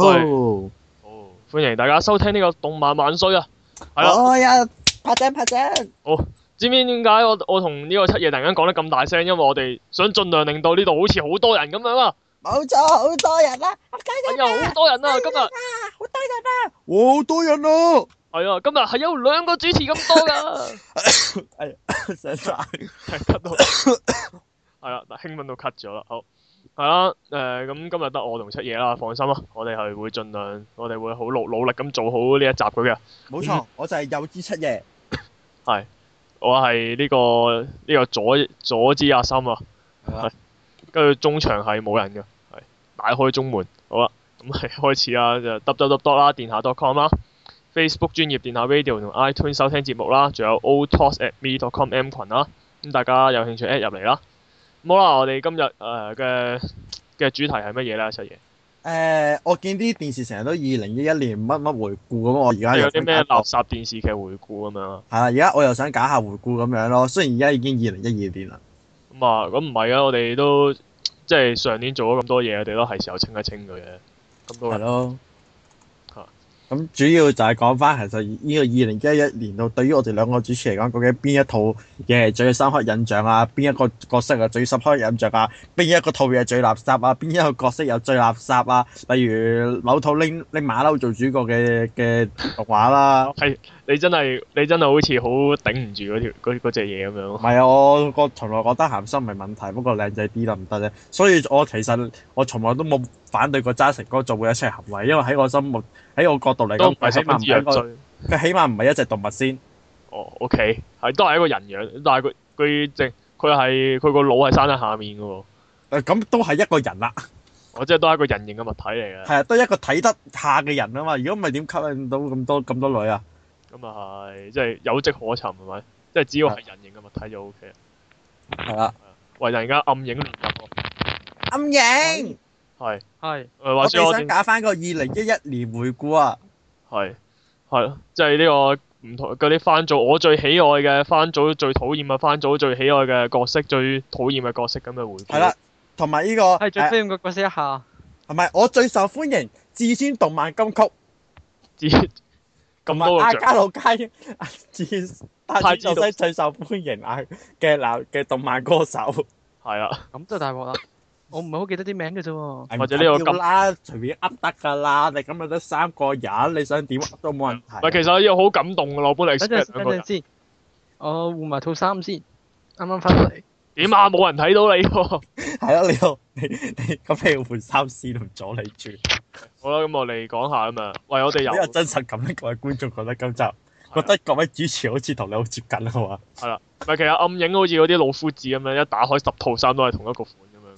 喂，哦，歡迎大家收聽呢個動漫萬歲啊！係啊！哎呀，拍正拍正。好，知唔知點解我我同呢個七爺突然間講得咁大聲？因為我哋想盡量令到呢度好似好多人咁樣啊！冇錯，好多人啦，有好多人啊！今日好多人啊，好多人啊，係啊，今日係有兩個主持咁多㗎。係，成扎睇得到。係啊，但係英文都 cut 咗啦，好。係啦，誒，咁、呃、今日得我同七夜啦，放心啦，我哋係會盡量，我哋會好努努力咁做好呢一集佢嘅。冇錯。嗯、我就係有知七夜。係，我係呢、這個呢、這個左左支阿心啊，係的，跟住中場係冇人嘅，係，大開中門，好啦，咁係開始啦，就登登登登啦，電下 dotcom 啦，Facebook 專業電下 radio 同 iTunes 收聽節目啦，仲有 alltalkatme.com m 群啦，咁大家有興趣 add 入嚟啦。冇啦，我哋今日誒嘅嘅主題係乜嘢啦，七爺？誒、呃，我見啲電視成日都二零一一年乜乜回顧咁，我而家有啲咩垃圾電視劇回顧咁樣？係啊，而 家樂我又想搞下回顧咁樣咯。雖然而家已經二零一二年啦。咁、嗯、啊，咁唔係啊，我哋都即係上年做咗咁多嘢，我哋都係時候清一清佢嘅。咁都係咯。咁主要就係講翻，其實呢個二零一一年度對於我哋兩個主持嚟講，究竟邊一套嘢係最深刻印象啊？邊一個角色係最深刻印象啊？邊一個套嘢最垃圾啊？邊一個角色又最垃圾啊？例如某套拎拎馬騮做主角嘅嘅動畫啦、啊，係你真係你真係好似好頂唔住嗰條隻嘢咁樣。唔係啊，我個從來覺得鹹濕唔係問題，不過靚仔啲得唔得啫。所以我其實我從來都冇。反對個揸成哥做嘅一切行為，因為喺我心目喺我角度嚟講，佢起碼唔係佢起碼唔係一隻動物先。哦，O K，係都係一個人樣，但係佢佢只佢係佢個腦係生喺下面㗎喎。咁、啊、都係一個人啦。我即係都係一個人形嘅物體嚟嘅。係 啊，都係一個睇得下嘅人啊嘛，如果唔係點吸引到咁多咁多女啊？咁啊係，即、嗯、係、就是、有跡可尋係咪？即係、就是、只要係人形嘅物體就 O K 啦。係啦的、啊，喂，而家暗影。 暗影。 係，係是，或者是我我想打返個二零一一年回顧啊。係，係咯，即係呢個唔同嗰啲番組，我最喜愛嘅番組，最討厭嘅番組，最喜愛嘅角色，這個、最討厭嘅角色咁嘅回顧。係啦，同埋呢個係最討厭嘅角色一下，同埋、啊、我最受歡迎至尊動漫金曲，至尊阿加老街，至尊大最受歡迎阿嘅男嘅動漫歌手，係啊是的。咁即係大鑊啦！我唔係好記得啲名嘅啫，或者呢個咁啦，隨便噏得噶啦。你咁又得三個人，你想點噏都冇人睇。唔係，其實我依家好感動噶啦，我幫你。一陣一陣先，我換埋套衫先。啱啱翻到嚟，點啊？冇人睇到你。係啊，你又你你咁你要換衫先，同咗你住。好啦，咁我哋講下啊嘛。喂，我哋有好有真實感咧，各位觀眾覺得今集覺得各位主持好似同你好接近係嘛？係啦，喂其實暗影好似嗰啲老夫子咁樣，一打開十套衫都係同一個款。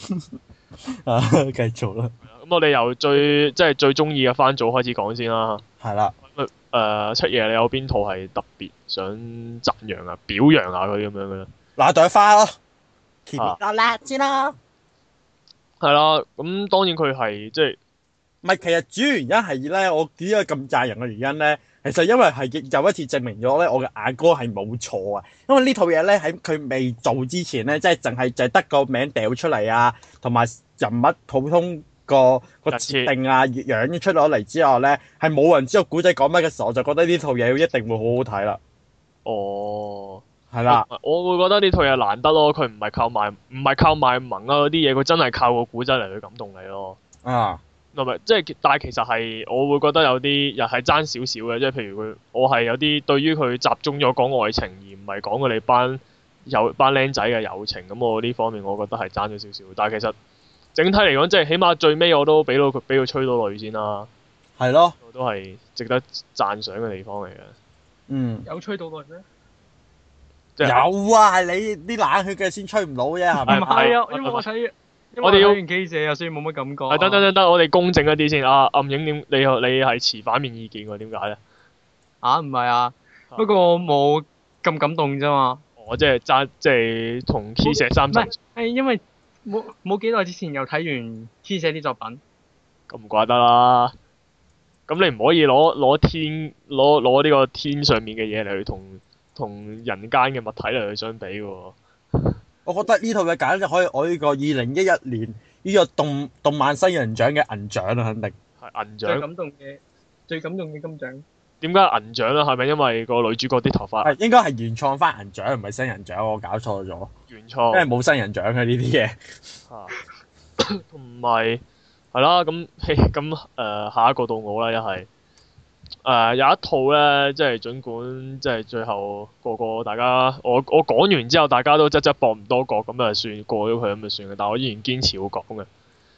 啊，繼續啦。咁、嗯、我哋由最即係最中意嘅番組開始講先啦。係啦的。誒、呃，七爺，你有邊套係特別想讚揚啊、表揚下啲咁樣嘅？那朵花咯？甜辣辣先啦。係啦，咁、嗯、當然佢係即係，唔係其實主要原因係咧，我點解咁讚人嘅原因咧？其實因為係又一次證明咗咧，我嘅眼光係冇錯啊！因為呢套嘢咧喺佢未做之前咧，即係淨係就得個名掉出嚟啊，同埋人物普通個個設定啊、樣出咗嚟之後咧，係冇人知道古仔講乜嘅時候，我就覺得呢套嘢一定會好好睇啦。哦，係啦吧，我會覺得呢套嘢難得咯，佢唔係靠賣唔係靠賣萌咯、啊，啲嘢佢真係靠個古仔嚟去感動你咯。啊！即係，但係其實係，我會覺得有啲又係爭少少嘅，即係譬如佢，我係有啲對於佢集中咗講愛情而唔係講佢哋班有班靚仔嘅友情，咁我呢方面我覺得係爭咗少少。但係其實整體嚟講，即係起碼最尾我都俾到佢，俾佢吹到落去先啦。係咯的，我都係值得讚賞嘅地方嚟嘅。嗯，有吹到淚咩？是有啊，係你啲冷血嘅先吹唔到啫，係咪？唔係， 因為我睇。 我哋睇完《K 社》又所以冇乜感覺。得得得得，我哋公正一啲先。阿暗影點？你你係持反面意見喎？點解咧？啊，唔係啊，不過冇咁感動咋嘛。我即係爭，即係同《K 社》三。唔因為冇冇幾耐之前又睇完《K 社》啲作品。咁唔怪得啦！咁你唔可以攞攞天攞攞呢個天上面嘅嘢嚟去同同人間嘅物體嚟去相比嘅喎。我覺得呢套嘅簡直可以攞呢個二零一一年呢個動動漫新人獎嘅銀獎啦，啊，肯定。係銀獎。最感動嘅，最感動嘅金獎。點解銀獎啦？係咪因為個女主角啲頭髮？係應該係原創翻銀獎，唔係新人獎，我搞錯咗。原創。因為冇新人獎嘅呢啲嘢。嚇！同埋， 係啦，咁咁誒，下一個到我啦，一係。誒、uh, 有一套咧，即係儘管即係最後個個大家，我我講完之後，大家都即即搏唔多覺咁啊，算過咗佢咁就算嘅。但係我依然堅持會講嘅，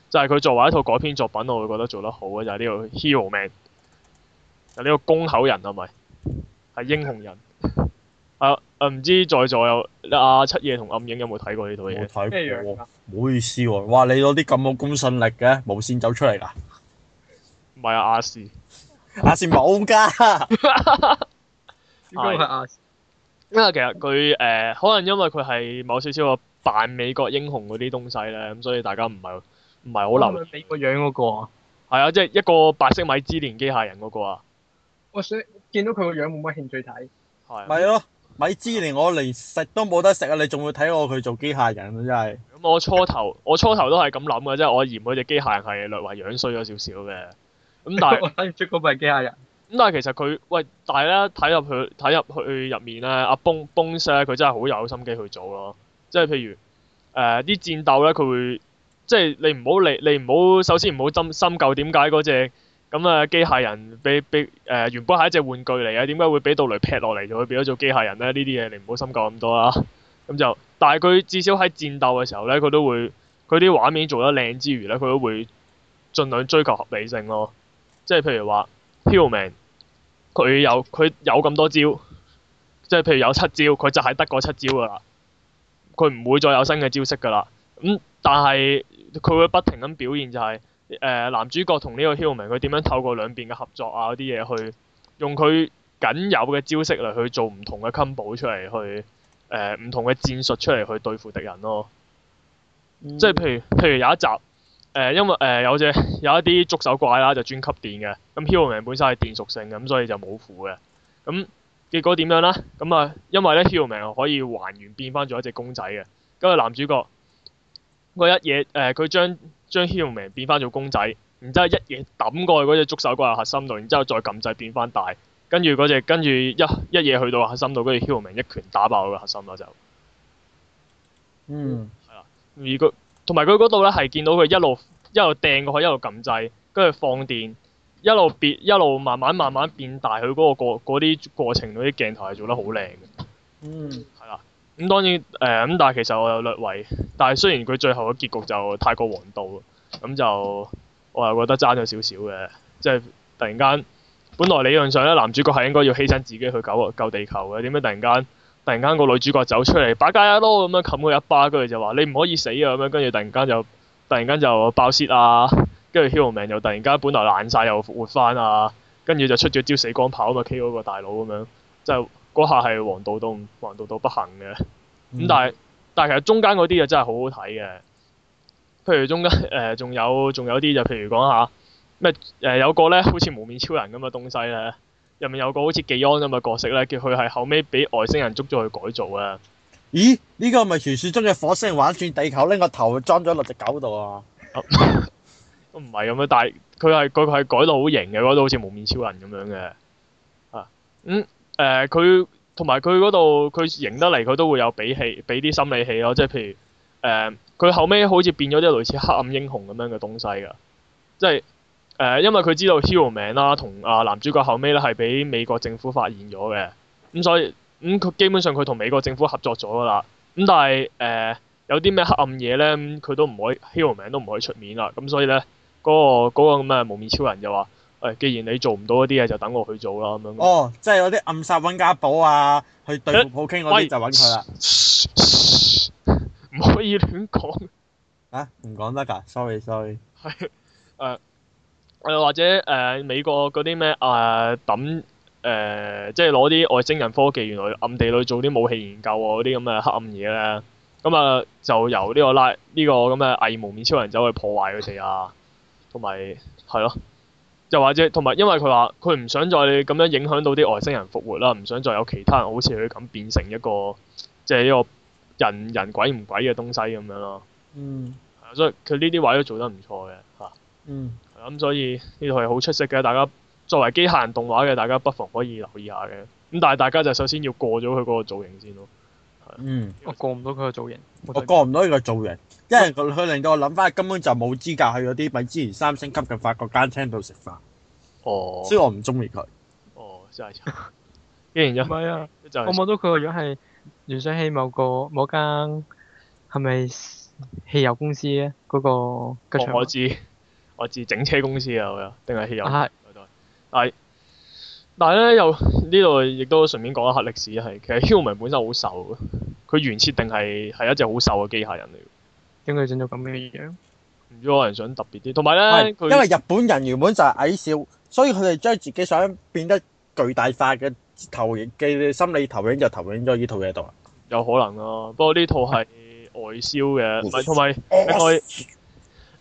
就係佢作為一套改編作品，我會覺得做得好嘅就係、是、呢個 Hero Man，就呢個公口人，係咪？係英雄人。啊唔、啊、知在座有阿、啊、七夜同暗影有冇睇過呢套嘢？冇睇過，唔、啊、好意思喎、啊，哇你攞啲咁冇公信力嘅無線走出嚟㗎？唔係、啊、亞視阿是冇噶，點解 啊？因為其實佢誒、呃，可能因為佢係某少少個扮美國英雄嗰啲東西咧，咁所以大家唔係唔係好留意。美國樣嗰個啊？係啊，即係一個白色米芝蓮機械人嗰個啊！我想見到佢個樣，冇乜興趣睇。係、啊。咪咯， 米芝蓮我連食都冇得食啊！你仲會睇我佢做機械人啊！真係、嗯。我初頭我初頭都係咁諗嘅，即係我嫌佢隻機械人係略為樣衰咗少少嘅。咁、嗯、但係睇唔出嗰個係機械人。咁但係其實佢喂，但係咧睇入去睇入去入面咧，阿崩崩 Sir 佢真係好有心機去做咯。即係譬如誒啲、呃、戰鬥咧，佢會即係你唔好你你唔好首先唔好深深究點解嗰隻咁嘅機械人俾俾誒原本係一隻玩具嚟嘅，點解會俾道雷劈落嚟，就會變咗做機械人咧？呢啲嘢你唔好深究咁多啦。咁、嗯、就但係佢至少喺戰鬥嘅時候咧，佢都會佢啲畫面做得靚之餘咧，佢都會盡量追求合理性咯。即係譬如話，Hillman，佢有佢有咁多招，即係譬如有七招，佢就係得嗰七招噶啦，佢唔會再有新嘅招式噶啦。咁、嗯、但係佢會不停咁表現就係、是，誒、呃、男主角同呢個 Hillman 佢點樣透過兩邊嘅合作啊嗰啲嘢去，用佢僅有嘅招式嚟去做唔同嘅 combo 出嚟去，誒唔同嘅戰術出嚟去對付敵人咯。即係譬如譬如有一集。誒、呃，因為誒有隻有一啲觸手怪啦，就專吸電嘅。咁 Heroman 本身係電屬性嘅，咁所以就冇符嘅。咁、嗯、結果點樣呢？咁、嗯、啊，因為咧 Heroman 可以還原變翻做一隻公仔嘅。咁啊男主角佢一嘢誒，佢、呃、將將 Heroman 變翻做公仔，然之後一嘢揼過去嗰隻觸手怪核心度，然之後再撳掣變翻大，跟住嗰隻跟住一一嘢去到核心度，跟住 Heroman 一拳打爆佢嘅核心啦就。嗯。係啦，而個。同埋佢嗰度咧，係見到佢一路一路掟過去，一路撳掣，跟住放電，一路變，一路慢慢慢慢變大，佢嗰個過嗰啲過程嗰啲鏡頭係做得好靚嘅。嗯。係啦。咁當然誒，咁、嗯、但係其實我有略為，但係雖然佢最後嘅結局就太過黃道，咁就我又覺得爭咗少少嘅，即係突然間，本來理論上咧，男主角係應該要犧牲自己去救救地球嘅，點解突然間？突然間個女主角走出嚟，擺街一咯咁樣冚佢一巴，巴，跟住就話你唔可以死啊咁樣，跟住突然間就突然間就爆血啊，跟住 heal man 就突然間本來爛晒又活翻啊，跟住就出咗招死光炮啊嘛，K 嗰個大佬咁樣，就嗰、是、下係王道道唔王道道不行嘅，咁、嗯、但係但係其實中間嗰啲就真係好好睇嘅，譬如中間誒仲、呃、有仲有啲就譬如講下咩誒、呃、有個咧好似無面超人咁嘅東西咧。入面有個好似技安咁嘅角色咧，叫佢係後尾俾外星人捉咗去改造啊。咦？呢個係咪傳說中嘅火星玩轉地球，拎個頭裝咗落隻狗度啊？ 都唔係咁啊，但係佢係佢係改到好型嘅，嗰度好似無面超人咁樣嘅。啊、嗯，咁、呃、誒，佢同埋佢嗰度，佢型得嚟，佢都會有俾氣，俾啲心理氣咯，即係譬如誒，佢、呃、後尾好似變咗啲類似黑暗英雄咁樣嘅東西噶，即係。誒、呃，因為佢知道 hero，名啦、啊，同啊男主角後尾咧係俾美國政府發現咗嘅，咁、嗯、所以咁佢、嗯、基本上佢同美國政府合作咗啦。咁、嗯、但係誒、呃、有啲咩黑暗嘢咧，佢、嗯、都唔可以 hero，名都唔可以出面啦。咁、嗯、所以咧，嗰、那個咁嘅、那個那個、無面超人就話：誒、哎，既然你做唔到嗰啲嘢，就等我去做啦咁樣。哦，即係嗰啲暗殺温家寶啊，去對付普京嗰啲就揾佢啦。唔、欸、可以亂講。嚇、啊！唔講得㗎，sorry，sorry。係 sorry，誒、 啊。呃呃誒或者誒、呃、美國嗰啲咩誒抌誒即係攞啲外星人科技，原來暗地裏做啲武器研究喎，嗰啲咁嘅黑暗嘢咧，咁啊就由呢個拉呢、呢個咁嘅偽蒙面超人走去破壞佢哋啊，同埋係咯，又或者同埋因為佢話佢唔想再咁樣影響到啲外星人復活啦，唔想再有其他人好似佢咁變成一個即係呢個人人鬼唔鬼嘅東西咁樣咯。嗯，所以佢呢啲位都做得唔錯嘅嚇。啊、嗯。咁所以呢套戲好出色嘅，大家作為機械人動畫嘅，大家不妨可以留意下嘅。咁但係大家就首先要過咗佢嗰個造型先咯。嗯，我過唔到佢個造型。我過唔到佢個造型，因為佢令到我諗翻，根本就冇資格去嗰啲米芝蓮三星級嘅法國餐廳度食飯。哦。所以我唔中意佢。哦，真係。竟然又唔係啊？我望到佢個樣係，聯想起某個某間係咪汽油公司咧？嗰個何海志。我自整車公司啊，我有，定係汽油，我都係。但係，但係咧又呢度亦都順便講一下歷史，係其實 Hulman 本身好瘦嘅，佢原設定係係一隻好瘦嘅機械人嚟。點解整咗咁嘅樣？唔知可能想特別啲，同埋咧，是他因為日本人原本就係矮小，所以佢哋將自己想變得巨大化嘅投影嘅心理投影就投影咗呢套嘢度。有可能咯、啊，不過呢套係外銷嘅，唔係同埋應該。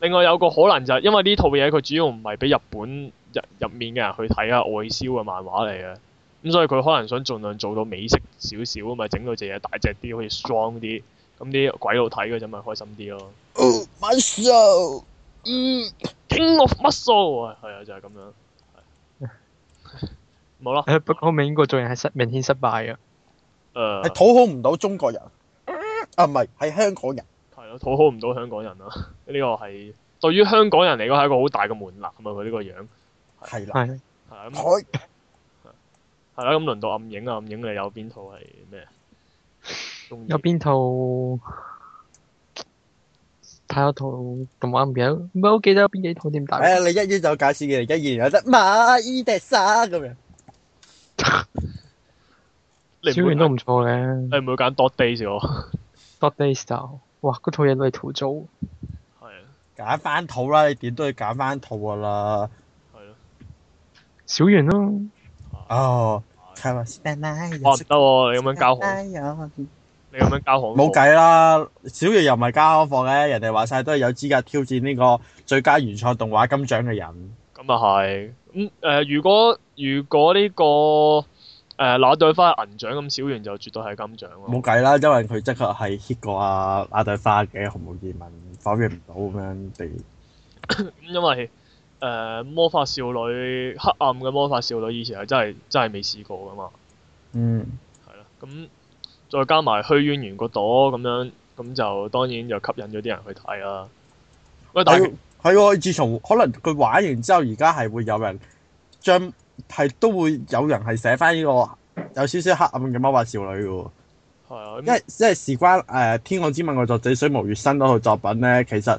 另外有個可能就係、是，因為呢套嘢佢主要唔係俾日本入入面嘅人去睇啊，外銷嘅漫畫嚟嘅，咁所以佢可能想盡量做到美式少少啊嘛，整到隻嘢大隻啲，可以 strong 啲，咁啲鬼佬睇嘅咪，開心啲咯。Muscle 嗯，King of Muscle，係、哎、啊，就係、是、咁樣。係。冇咯 吧。不過美國做人係失明顯失敗嘅。誒。係討好唔到中國人。Uh, 啊唔係，係香港人。討好唔到香港人啊，呢個係對於香港人嚟講係一個好大嘅門檻啊！佢呢個樣係啦，係啦咁，係啦咁輪到暗影啊！暗影你有邊套係咩？有邊套睇下套咁暗影，唔係好記得邊幾套點打。誒，你一於就解釋嘅，一言有得馬伊達莎咁樣。小賢都唔錯嘅。你唔會揀 dot days 喎？dot days 就。哇！個套嘢都係土租，係啊，揀翻套啦！你點都要揀翻套噶啦，係咯，小圓咯，哦，係嘛？哦，得喎，你咁樣交紅，你咁樣交紅，冇計啦！小圓又唔係交紅嘅，人哋話晒都係有資格挑戰呢個最佳原創動畫金獎嘅人。咁啊係，嗯誒，如果如果呢個？誒那朵花銀獎，咁小圓就絕對係金獎，冇計啦，因為佢即刻係 hit 過阿阿朵花嘅，毫無疑問否認唔到咁樣地。嗯、因為誒、呃、魔法少女黑暗嘅魔法少女以前係真係真係未試過㗎嘛。嗯，係啦，咁再加埋虛淵玄個朵咁樣，咁就當然就吸引咗啲人去睇啦。喂，但係、哦、自從可能佢玩完之後，而家係會有人將。係都會有人係寫翻呢個有少少黑暗嘅魔法少女噶，係啊，因為因為事關誒《天降之物》嘅作者水無月新嗰套作品咧，其實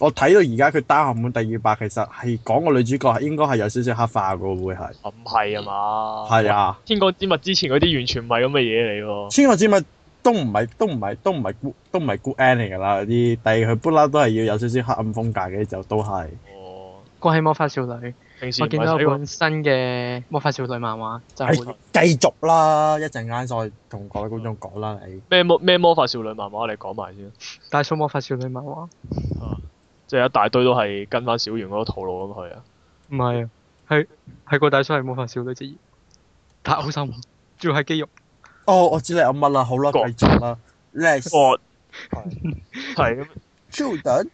我睇到而家佢單行本第二百，其實係講個女主角係應該係有少少黑化噶，會係、嗯，唔係啊嘛？係啊，《天降之物》之前嗰啲完全唔係咁嘅嘢嚟，天降之物都唔係都唔係都唔係 good 都唔係 good end 嚟噶啦，啲第二佢不嬲都係要有少少黑暗風格嘅就都係，哦，講起魔法少女。我見到一本新嘅魔法少女漫畫，就係繼續啦，一陣間再同各位觀眾講啦。你咩魔咩魔法少女漫畫？你講埋先。大叔魔法少女漫畫，啊，即係一大堆都係跟翻小圓嗰個套路咁去啊。唔係啊，係係個大叔係魔法少女職業，但好辛苦，主要係肌肉。哦，我知你有乜啦，好啦，繼續啦，Let's，係係咁等。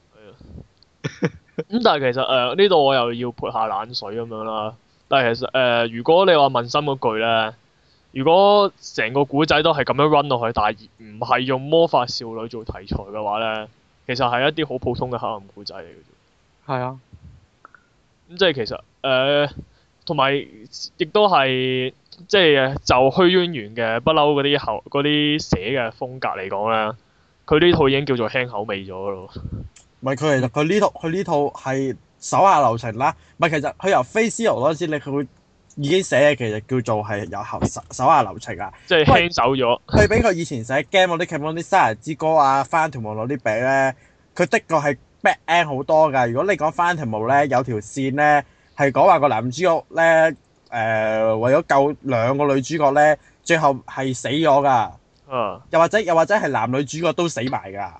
咁、嗯、但係其實誒呢度我又要潑下冷水咁樣啦。但係其實誒、呃，如果你話問心嗰句咧，如果成個古仔都係咁樣 run 落去，但係唔係用魔法少女做題材嘅話咧，其實係一啲好普通嘅黑暗古仔嚟嘅。係啊。咁、嗯、即係其實誒，同埋亦都係即係就虛淵玄嘅不嬲嗰啲後啲寫嘅風格嚟講咧，佢呢套已經叫做輕口味咗咯。唔係，佢其實佢呢套，佢呢套係手下留情啦。唔係，其實佢由《Fate/Zero》嗰陣時，你佢已經寫嘅，其實叫做係有後手下留情啊，即係是輕手咗。佢比佢以前寫 game 嗰啲、劇本啲、生日之歌啊、翻條毛攞啲餅咧，佢的確係 bad end 好多㗎。如果你講翻條毛咧，有條線咧係講話個男主角咧，誒、呃、為咗救兩個女主角咧，最後係死咗㗎。嗯、啊。又或者又或者係男女主角都死埋㗎。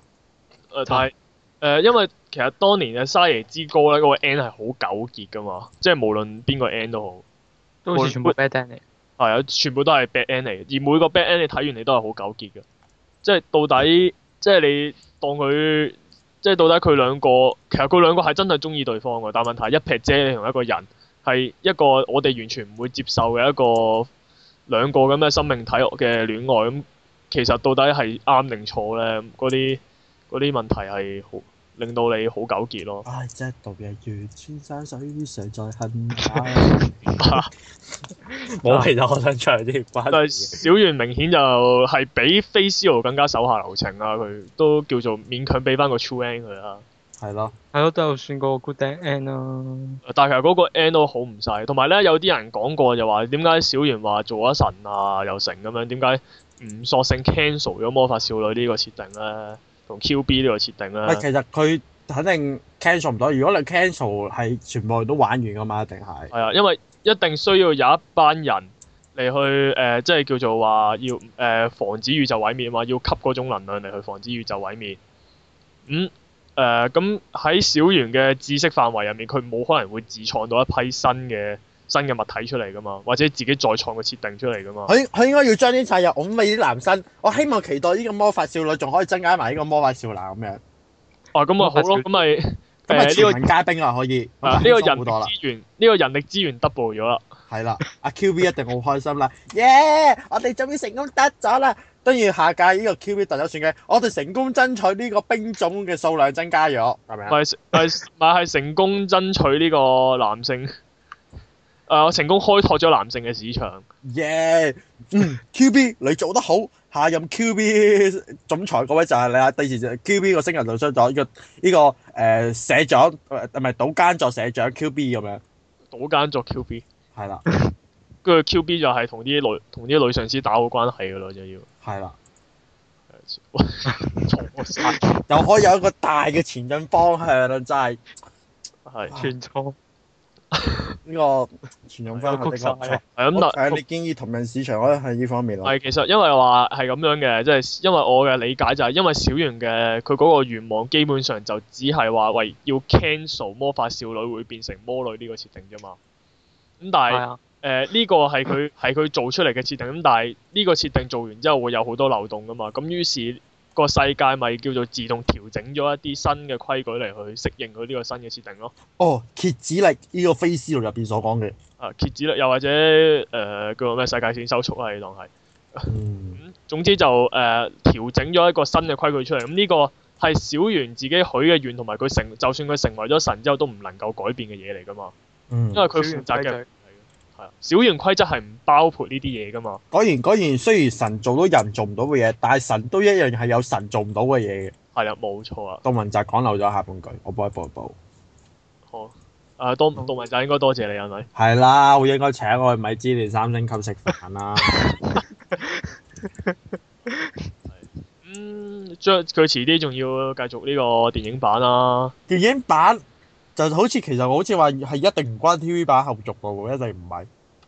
誒太、呃。誒、呃，因為其實當年嘅《沙耶之歌》咧，嗰個 end 係好糾結噶嘛，即係無論邊個 end 都好，都好似全部 bad end 嚟。係啊，全部都係 bad end 嚟，而每個 bad end 你睇完你都係好糾結嘅，即係到底，即係你當佢，即係到底佢兩個，其實佢兩個係真係中意對方嘅，但問題一撇啫，你同一個人係一個我哋完全唔會接受嘅一個兩個咁嘅生命體嘅戀愛咁，其實到底係啱定錯咧？啲嗰啲問題係好。令到你好糾結咯。唉、啊，即係度日如穿山水，水常在恨、啊。我其實我想唱啲， 但係小圓明顯就係比 Face 菲斯羅更加手下留情啦。佢都叫做勉強俾翻個 true end 佢啦、啊。係咯，係咯、啊，我都算個 good end 啦、啊。但係其實嗰個 end 都好唔細。同埋咧，有啲人講過就話點解小圓話做咗神啊又成咁樣？點解唔索性 cancel 咗魔法少女呢個設定咧？同 QB 呢個設定啦，其實佢肯定 cancel 唔到。如果你 cancel 係全部都玩完㗎嘛，一定係係啊，因為一定需要有一班人嚟去誒、呃，即係叫做話要誒、呃、防止宇宙毀滅嘛，要吸嗰種能量嚟去防止宇宙毀滅。咁誒咁喺小圓嘅知識範圍入面，佢冇可能會自創到一批新嘅。新嘅物體出嚟㗎嘛，或者自己再創個設定出嚟㗎嘛。佢佢應該要將啲製入，我唔啲男生。我希望期待呢個魔法少女仲可以增加埋呢個魔法少男咁樣。哦，咁咪好咯，咁咪咁咪全民皆兵啊！可以，呢個人資源呢個人力資源 double 咗啦。係啦，阿 Q B 一定好開心啦！耶！我哋終於成功得咗啦！當然下屆呢個 Q B 特咗算嘅，我哋成功爭取呢個兵種嘅數量增加咗，係咪啊？咪係成功爭取呢個男性。誒、啊，我成功開拓咗男性嘅市場。耶、yeah，嗯、 Q B，你做得好。下任 Q B 總裁嗰位就係你啦。第二隻 Q B 個星人露出咗呢個呢、這個誒、呃、社長唔係賭奸作社長 Q B 咁樣。賭奸作 Q, Q B。係啦。跟住 Q B 就係同啲女同啲女上司打好關係嘅咯，就要。係啦。又 可以有一個大嘅前進方向啦，真、就、係、是。係串錯。 呢 個全用翻曲實場，係咁。 誒、嗯，你建議同人市場，我覺得係呢方面咯。係其實因為話係咁樣嘅，即、就、係、是、因為我嘅理解就係因為小圓嘅佢嗰個願望，基本上就只係話喂要 cancel 魔法少女會變成魔女呢個設定啫嘛。咁但係誒呢個係佢係佢做出嚟嘅設定，咁但係呢個設定做完之後會有好多漏洞噶嘛。咁於是，個世界咪叫做自動調整咗一啲新嘅規矩嚟去適應佢呢個新嘅設定咯。哦，抑止力呢、這個 Fate Zero 入邊所講嘅。啊，抑止力又或者誒、呃、叫做咩世界線收束啊，當係、嗯呃。嗯。咁總之就誒調整咗一個新嘅規矩出嚟。咁呢個係小圓自己許嘅願，同埋佢成就算佢成為咗神之後都唔能夠改變嘅嘢嚟㗎嘛。因為佢負責嘅。嗯小型規則係唔包括呢啲嘢噶嘛？果然果然，雖然神做到人做唔到嘅嘢，但係神都一樣係有神做唔到嘅嘢嘅。係啊，冇錯啊！杜文澤講漏咗下半句，我補一補,一補。好、哦、啊！誒，杜文澤應該多謝,謝你啊，女。係啦，我應該請我去米芝蓮三星級食飯啦。 嗯，佢遲啲仲要繼續呢個電影版啊！電影版。就好似其實我好似話係一定唔關 TV 版後續嘅喎，一定唔係。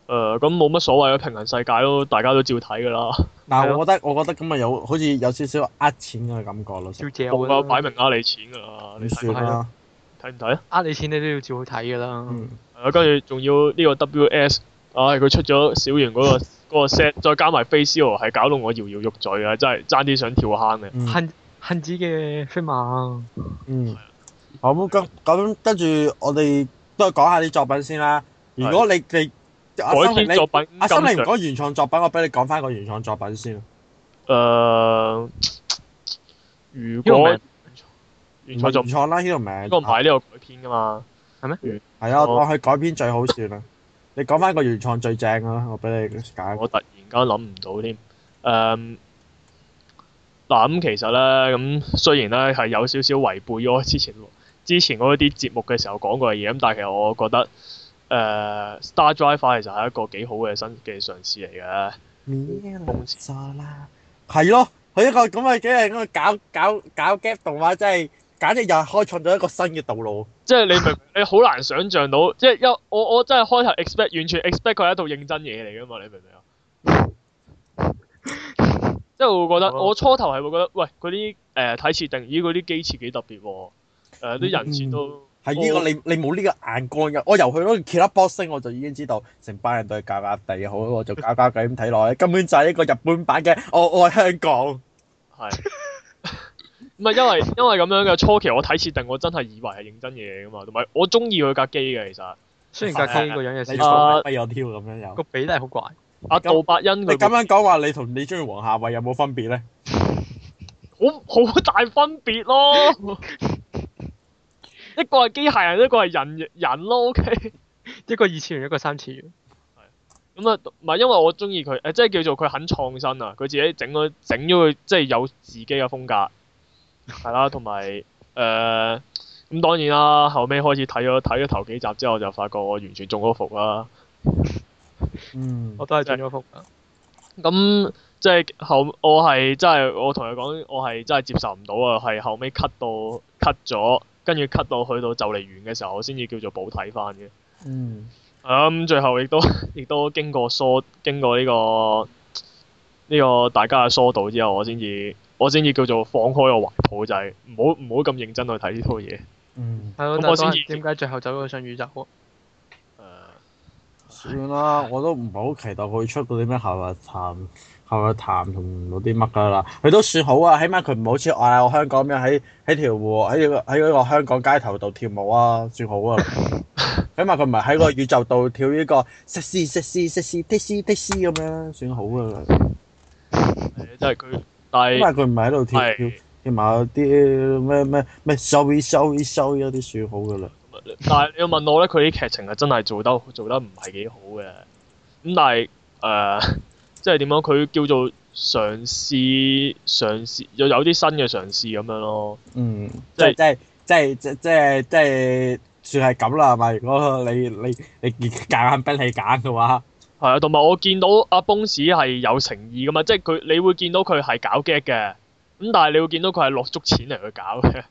誒咁冇乜所謂嘅平行世界咯，大家都照睇嘅啦。嗱，我覺得、啊、我覺得今日有好似有少少呃錢嘅感覺咯。小姐，我擺明呃你錢嘅啦。你睇啦，睇唔睇？呃你錢你都要照睇嘅啦。跟住仲要呢個 WS，唉、啊、佢出咗小圓嗰、嗰個嗰 set，再加埋 Face 係搞到我搖搖欲墜嘅，真係爭啲想跳坑嘅。杏子嘅飛馬。嗯嗯。咁咁跟住，我哋都係講下啲作品先啦。如果你你改編作品，阿生你唔講原創作品，我俾你講翻個原創作品先。誒，如果原創啦呢個名，唔係呢個改編噶嘛，係咩？係啊，我去改編最好算啦。你講翻個原創最正啊，我俾你揀。我突然間諗唔到添。誒，嗱咁其實咧，咁雖然咧係有少少違背咗之前。之前嗰啲節目嘅時候講過嘅嘢咁，但係其實我覺得誒《呃、Star Driver》其實係一個幾好嘅新嘅嘗試嚟嘅。係、嗯哎、咯，佢一個咁嘅嘅人，咁搞搞搞 gap 動畫，真係簡直又係開創咗一個新嘅道路。即係你明，你好難想像到，即係一我我真係開頭 expect 完全 expect 佢係一套認真嘢嚟㗎嘛？你明唔明啊？ 即係我會覺得 我初頭係會覺得，喂嗰啲誒睇設定咦嗰啲機設幾特別喎。誒啲、呃、人線都係呢、嗯這個，哦、你你冇呢個眼光嘅。我由佢攞其他 boss，我就已經知道成班人都係假假地好，我就搞搞計咁睇落，根本就係一個日本版嘅《我、哦、愛香港》是。係唔係？因為因為咁樣嘅初期，我睇設定，我真係以為係認真嘢嘅嘛。同埋我中意佢架機嘅，其實雖然架機、啊這個、啊、樣有少少有挑咁樣有個比例都係好怪。阿杜伯欣，你咁樣講話，你同你中意黃夏蕙有冇分別咧 好好大分別咯！ 一個係機械人，一個係人人咯。O、okay? K， 一個二次元，一個三次元、 嗯。咁啊，唔係因為我中意佢誒，即係叫做佢肯創新啊。佢自己整咗整咗佢，即係有自己嘅風格係啦。同埋誒咁當然啦，後尾開始睇咗睇咗頭幾集之後，就發覺我完全中咗伏啦。嗯，我都係中咗伏。咁即係是那後我係真係我同佢講，我係真係接受唔到啊！係後尾 cut 到 cut 咗。跟住 cut 到去到就嚟完嘅時候，我先至叫做補睇翻嘅。嗯。咁、um, 最後亦都亦都經過疏經過呢個呢個大家嘅疏導之後，我先至我先至叫做放開個懷抱，就係唔好唔好咁認真去睇呢套嘢。嗯。係咯、嗯，我先至點解最後走咗上宇宙，啊？誒，算啦，我都唔係好期待佢出到啲咩下遺談。係咪談同啲乜噶啦？佢、喔啊、都算好啊， 起碼佢唔好似嗌我香港咁樣喺喺條喺個喺嗰個香港街頭度跳舞啊，算好啊！ 起碼佢唔係喺個宇宙度跳呢個石屎石屎石屎 T C T C 咁樣，算好啦。啊，真係佢，但係起碼佢唔係喺度跳跳，起碼啲咩咩咩 showy showy showy 啲算好噶啦。但係你要問我咧，佢啲劇情係真係做得做得唔係幾好嘅。咁但係誒。呃即係點樣？佢叫做嘗試嘗試，又有啲新嘅嘗試咁樣咯。嗯，即係即係即係即即係即係算係咁啦，係咪？如果你你你夾硬逼你揀嘅話，係啊。同埋我見到阿邦史係有誠意噶嘛，即係佢你會見到佢係搞劇嘅咁，但係你會見到佢係落足錢嚟去搞嘅。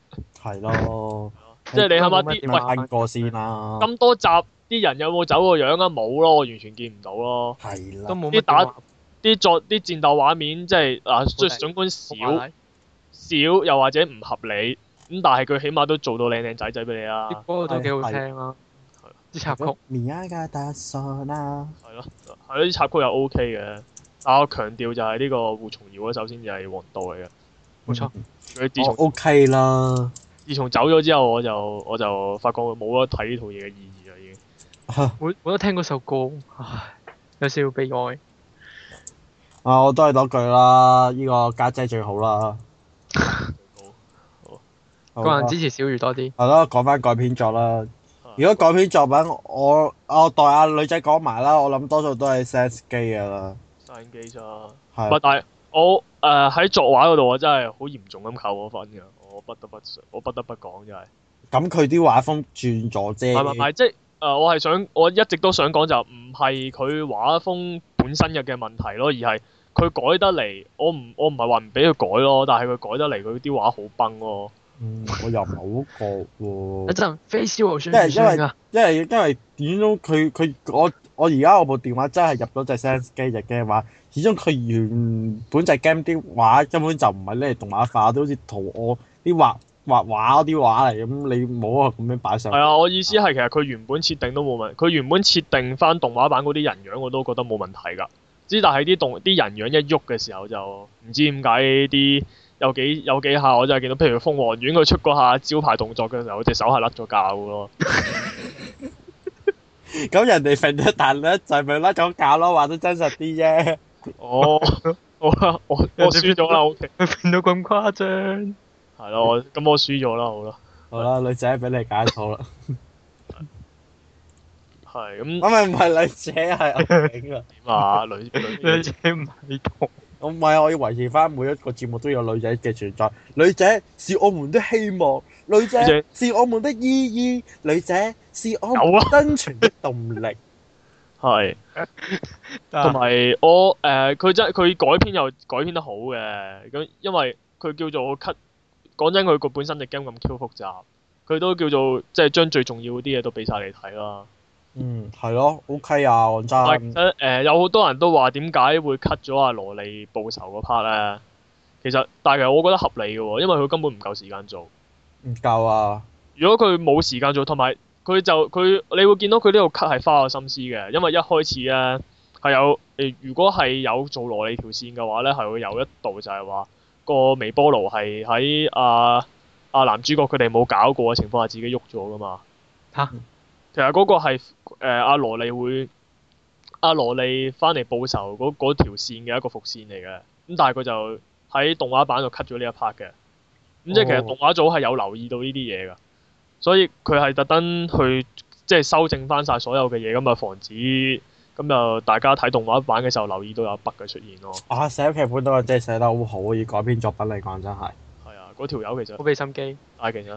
係咯 是，即係你啱啱啲喂，翻過先啦。咁多集啲人有冇走個樣啊？冇咯，完全見唔到咯。係啦了，These 都冇乜打。啲作啲戰鬥畫面即係嗱，相相少少，又或者唔合理咁、嗯，但係佢起碼都做到靚靚仔仔俾你啦、啊。啲歌都幾好聽啦、啊，啲是是插曲。係咯，係咯，啲插曲又 OK 嘅。但我強調就係呢個胡松耀首先就係王道嚟嘅。冇錯、嗯，佢自從、哦、OK 啦。自從走咗之後我，我就我就發覺佢冇得睇呢套嘢嘅意義啦，已經。我 我都聽嗰首歌，唉，有少少悲哀。啊！我都係嗰句啦，呢、這個家姐，姐最好啦。個人支持小魚多啲。係咯、啊，講翻改編作啦。的如果改編作品，我我代阿、啊、女仔講埋啦，我諗多數都係 sense 機噶啦。sense 機啫。但係我誒喺、呃、作畫嗰度，我真係好嚴重咁扣我分嘅，我不得不我不得不講，真係。咁佢啲畫風轉咗啫。唔係唔係，即係、呃、我係想我一直都想講就唔係佢畫風本身嘅嘅問題咯，而係。佢改得嚟，我唔我唔係話唔俾佢改咯，但係佢改得嚟，佢啲畫好崩喎、喔。嗯， 我又唔係好覺喎。一陣飛燒好衰因為因為因為因為點樣佢佢我我而家我部電話真係入咗隻 Sense 機入嘅話，始終佢原本隻 Game 啲畫根本就唔係咧動畫化，都好似塗鴉啲畫,畫畫畫啲畫嚟咁，你冇啊咁樣擺上去。係啊，我意思係其實佢原本設定都冇問題，佢原本設定翻動畫版嗰啲人樣我都覺得冇問題㗎。知但係啲動啲人樣一喐嘅時候就唔知點解，啲有幾有幾下我就係見到，譬如鳳凰院佢出嗰下招牌動作嘅時候，隻手係甩咗架嘅咯。咁人哋變咗彈咧，就係變甩咗架咯，話得真實啲啫。我我我我輸咗啦，我變到咁誇張。係咯，咁我輸咗啦，好啦。好啦，女仔俾你解錯啦。係咁，我咪唔係女仔，係阿景啊,啊女女 女仔唔係我唔係，我要維持翻每一個節目都有女仔嘅存在。女仔是我們的希望，女仔者是我們的意義，女仔是我們生存有、啊、 的動力。係同埋我誒，佢真係佢改編又改編得好嘅咁，因為佢叫做 cut。講真，佢個本身嘅 game 咁 Q 複雜，佢都叫做即係將最重要嗰啲嘢都俾晒你睇啦。嗯，係咯，O K 啊，王炸。誒、呃，有好多人都話點解會 cut 咗阿蘿莉報仇嗰 part 咧？其實，但係其實我覺得合理嘅、哦，因為佢根本唔夠時間做。唔夠啊！如果佢冇時間做，同埋佢就佢，你會見到佢呢度 cut 係花咗心思嘅，因為一開始咧係有如果係有做蘿莉條綫嘅話咧，係會有一度就係話個微波爐係喺阿阿男主角佢哋冇搞過嘅情況下自己喐咗噶嘛吓。哈其實嗰個係。誒阿、啊、羅莉會，阿、啊、羅莉翻嚟報仇嗰嗰條線嘅一個伏線嚟嘅，咁但係佢就喺動畫版度 cut 咗呢一 part 嘅，咁即係其實動畫組係有留意到呢啲嘢㗎，所以佢係特登去即係修正翻晒所有嘅嘢咁啊，防止咁就大家睇動畫版嘅時候留意到有筆嘅出現咯。啊，寫劇本都係真係寫得好好，以改編作品嚟講真係。嗰條友其實好俾心機，但係其實咧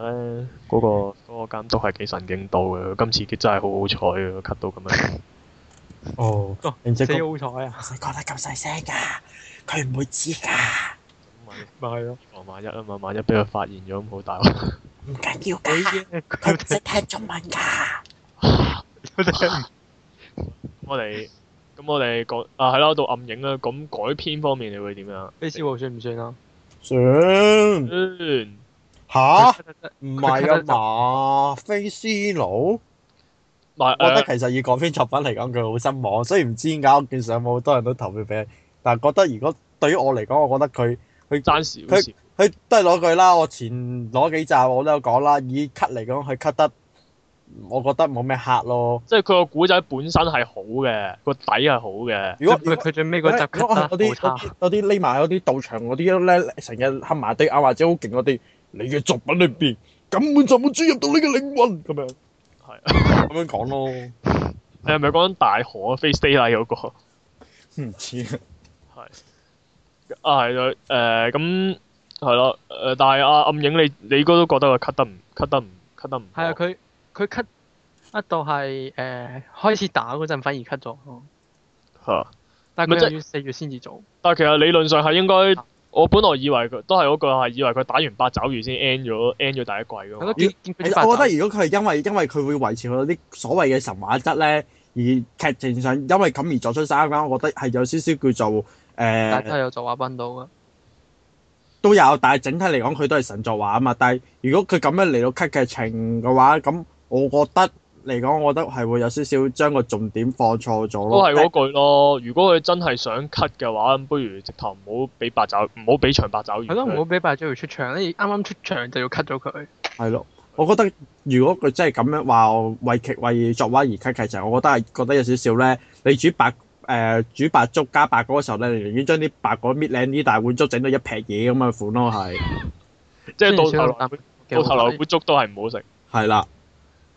嗰個嗰個監督係幾神經到嘅。今次佢真係好好彩嘅，cut 到咁樣。哦，真係幾好彩啊！佢講得咁細聲㗎，佢唔會知㗎。咪咪係咯，萬一啊，萬一俾佢發現咗咁好大咯。唔緊要㗎，佢識聽中文㗎。我哋咁我哋講啊係啦，到暗影啦。咁改編方面你會點樣？呢次算唔算啊？想吓？唔係啊嘛？飛絲 佬，是我覺得其實以嗰篇作品嚟講，佢好失望，雖然唔知點解我見上好多人都投票俾佢，但係覺得如果對於我嚟講，我覺得佢佢爭少少，佢佢都係攞句啦。我前攞幾集我都有講啦，以 cut 嚟講，佢 cut 得。我覺得冇咩黑咯，即係佢個古仔本身係好嘅，個底係好嘅。如果佢佢最尾集 cut 得嗰啲啲匿埋嗰啲道場嗰啲咧，成日黑埋對、呃、啊，或者好勁嗰啲，你嘅作品裏邊根本就冇注入到你嘅靈魂咁樣。係咁樣講咯。你係咪講緊大河 Face Day 嗰個？唔知啊。係。啊係啊誒咁係咯誒，但係阿暗影你你哥都覺得佢 cut 得唔 cut 得唔 cut 得唔？係 啊樂，佢。佢咳 u t 一度係開始打嗰陣反而咳咗，嚇、哦！但係佢要四月先至做。但係其實理論上係應該，我本來以為佢都係嗰、那個係以為佢打完八爪魚先 end 咗，end 咗第一季、嗯、我覺得如果佢係因為因為佢會維持到啲所謂嘅神話質咧，而劇情上因為咁而作出嘅改，我覺得係有少少叫做誒。呃、但係有作畫崩到嘅。都有，但係整體嚟講佢都係神作畫啊嘛！但係如果佢咁樣嚟到咳 u 劇情嘅話，咁。我覺得嚟講，我覺得係會有少少將個重點放錯咗咯。都係嗰句咯。如果佢真係想 cut 嘅話，不如直頭唔好俾白酒，唔好俾長白酒。係咯，唔好俾白酒要出場，你啱啱出場就要 cut 咗佢。係咯，我覺得如果佢真係咁樣話，為劇為作畫而 cut 劇情，其實我覺得係覺得有少少咧。你煮白誒、呃、煮白粥加白果嘅時候咧，寧願將啲白果搣靚啲，大碗粥整到一劈嘢咁嘅款咯，係。即係 到頭來到頭嚟碗粥都係唔好食。係啦。例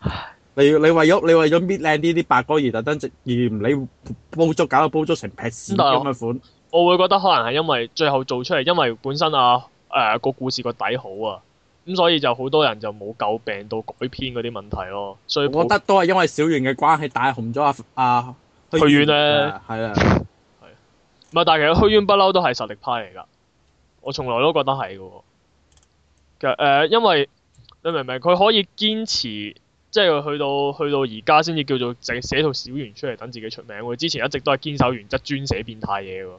你如為咗你為咗搣靚呢啲白哥而特登，直而唔理煲粥，搞到煲粥成劈屎咁嘅款。我會覺得可能係因為最後做出嚟，因為本身啊誒個、呃、故事個底好啊，咁所以就好多人就冇救病到改編嗰啲問題咯。所以我覺得都係因為小圓嘅關係大紅咗啊啊，虛淵咧，係啦，係。唔係，但係其實虛淵不嬲都係實力派嚟噶。我從來都覺得係噶。其實誒、呃，因為你明唔明？佢可以堅持。即係佢去到去到而家先至叫做寫寫套小圓出嚟等自己出名喎，之前一直都係堅守原則專寫變態嘢喎。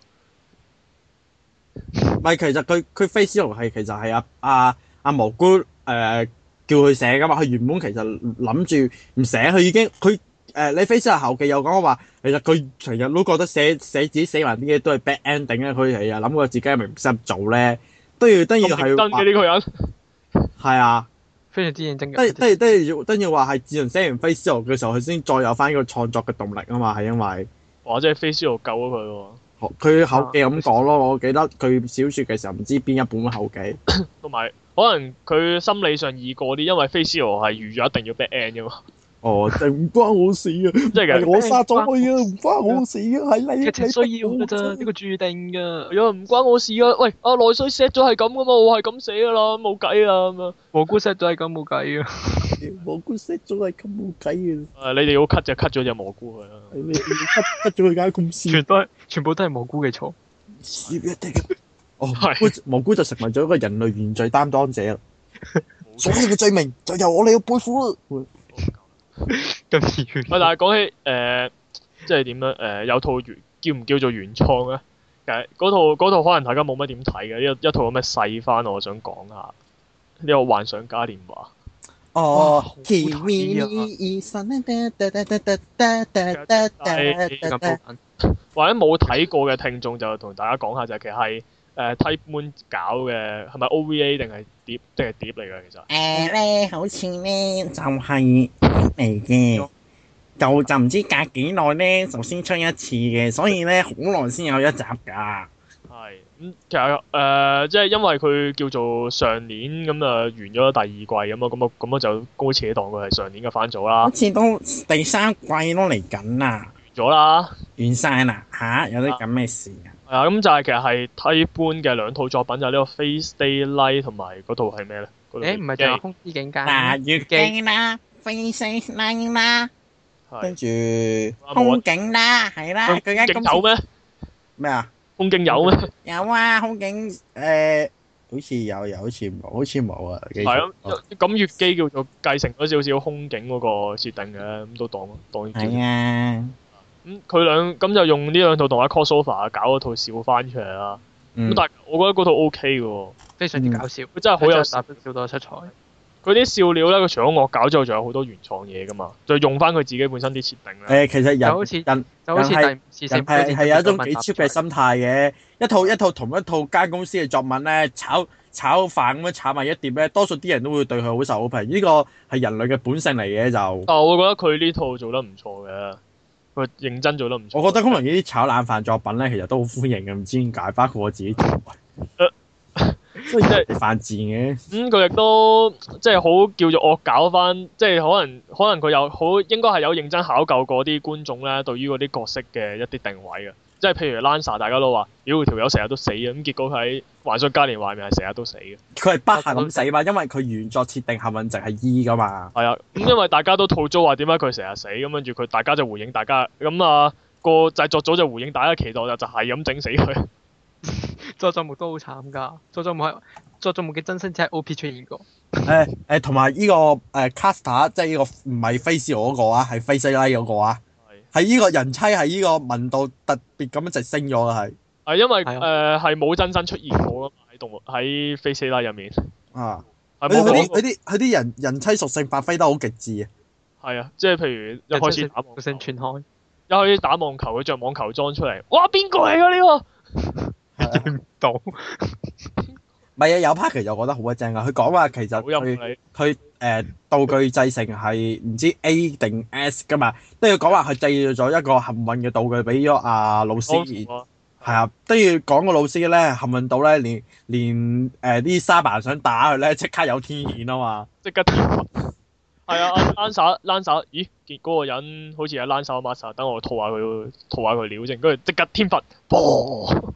唔係， 其實佢佢 Facebook 係其實係阿阿阿無辜誒、呃、叫佢寫㗎嘛，佢原本其實諗住唔寫，佢已經佢誒、呃、你 Facebook 後期又講話，其實佢成日都覺得寫寫自己寫埋啲嘢都係 bad ending，佢成日諗過自己係咪唔適合做咧，都要都要係。咁認真嘅呢個人。係 啊。非常之認真。都係都係都係要，當然話係志龍寫完 Faceless 嘅時候，佢先再有翻呢個創作嘅動力啊嘛，係因為，或者係 Faceless 救咗佢喎。佢後記咁講咯，我記得佢小説嘅時候唔知邊一本嘅後記。同埋 可能佢心理上易過啲，因為 Faceless 係預咗一定要 bad end 啫嘛。哦，就唔關我事啊？即係噶，係我殺咗佢啊，唔關我事啊，係你，一切需要噶咋？呢個注定噶。哎呀，唔關我事啊！喂，阿內需 set 咗係咁噶嘛，我係咁死噶啦，冇計啦咁啊！蘑菇 set 咗係咁冇計啊！蘑菇 set 咗係咁冇計啊！你哋要 cut 就 cut 咗隻蘑菇啊！cut cut 咗佢間公司，全都全部都係蘑菇嘅錯。唔一定。哦，係。蘑菇就成為咗一個人類原罪擔當者啦。所有嘅罪名就由我哋要背負咁 但係講起誒、呃，即係點樣誒、呃？有套叫唔叫做原創咧？誒嗰套嗰套可能大家冇乜點睇嘅，一一套有咩細翻，我想講下呢、呢個幻想加電話。哦、啊，或者冇睇過嘅聽眾就同大家講下就係、其實係。誒、uh, Type Moon 搞嘅係咪 OVA 定係碟定係碟嚟㗎？其實誒咧，好似咧就係嚟嘅，就是、 就唔知隔幾耐咧，就先出一次嘅，所以咧好耐先有一集㗎。係咁就誒，即係因為佢叫做上年咁啊、嗯，完咗第二季咁啊，咁啊咁啊，就姑且當佢係上年嘅番組啦。好似都第三季都嚟緊啦，完咗啦，完曬啦嚇！有啲咁嘅事啊！ 啊，咁就係其實係 Type Moon 嘅兩套作品，就呢個 Fate Stay Night 同埋嗰套係咩咧？誒，唔係就係空境加月姬啦，Fate Stay Night，跟住空境啦，係啦，佢而家空境有咩？咩啊？空境有咩？有啊，空境誒，好似有，又好似冇，好似冇啊。係咯，咁月姬叫做繼承咗少少空境嗰個設定嘅，咁都當當。係啊。咁佢兩咁就用呢兩套動畫 crossover 搞嗰套笑翻出嚟啦。咁但係我覺得嗰套 O K 嘅喎，非常之搞笑，佢真係好有神，笑到出彩。佢啲笑料咧，佢除咗惡搞之外，仲有好多原創嘢噶嘛，就用翻佢自己本身啲設定咧。誒，其實人就好似人，就好似第，係係係有一種幾超嘅心態嘅一套一套同一套間公司嘅作品咧，炒炒飯咁樣炒埋一碟咧，多數啲人都會對佢好受好評。呢個係人類嘅本性嚟嘅就。我覺得佢呢套做得唔錯嘅。佢認真做得唔錯。我覺得可能呢啲炒冷飯作品咧，其實都好歡迎嘅，唔知點解。包括我自己做，即係、呃、 犯賤嘅。咁佢亦都即係好叫做惡搞翻，即係可能可能佢有好應該係有認真考究過啲觀眾咧，對於嗰啲角色嘅一啲定位嘅。即係譬如 Lancer，大家都話，妖條友成日都死嘅。咁結果喺幻術嘉年華入面係成日都死嘅。佢係不幸咁死嘛，因為佢原作設定幸運值係 E 噶嘛。係啊，咁因為大家都吐槽話點解佢成日死。咁跟住佢大家就回應大家，咁、那、啊個製作組就回應大家期待就係咁整死佢。佐佐 木都好慘㗎，佐佐木係佐佐木嘅真身只係 OP 出現過。誒 誒、呃，同埋呢個誒、呃、Caster 即係呢個唔係輝斯羅嗰個啊，係 Face 拉嗰個啊。係呢個人妻係呢個文度特別咁樣直升咗啦，係。係因為誒係冇真身出現過咯，喺動物喺 f a 入面。啊，係啲啲佢啲人人妻屬性發揮得好極致啊！係啊，即係譬如一開始打網先穿開，一開始打網球佢着網球裝出嚟，哇邊個嚟噶呢個？ 啊、認唔不到？ 唔係啊，有 part、啊、其實我覺得好鬼正啊！佢講話其實佢佢誒道具製成係唔知 A 定 S 㗎嘛，都要講話佢製咗一個幸運嘅道具俾咗阿老師而係啊，啊嗯、都要講個老師咧幸運到咧連連誒啲、呃、沙巴想打佢咧即刻有天譴啊嘛！即刻天 啊，Lancer Lancer 咦？見、那、嗰個人好似係 Lancer Master 等我套下佢，套下佢料先，跟住即刻天罰，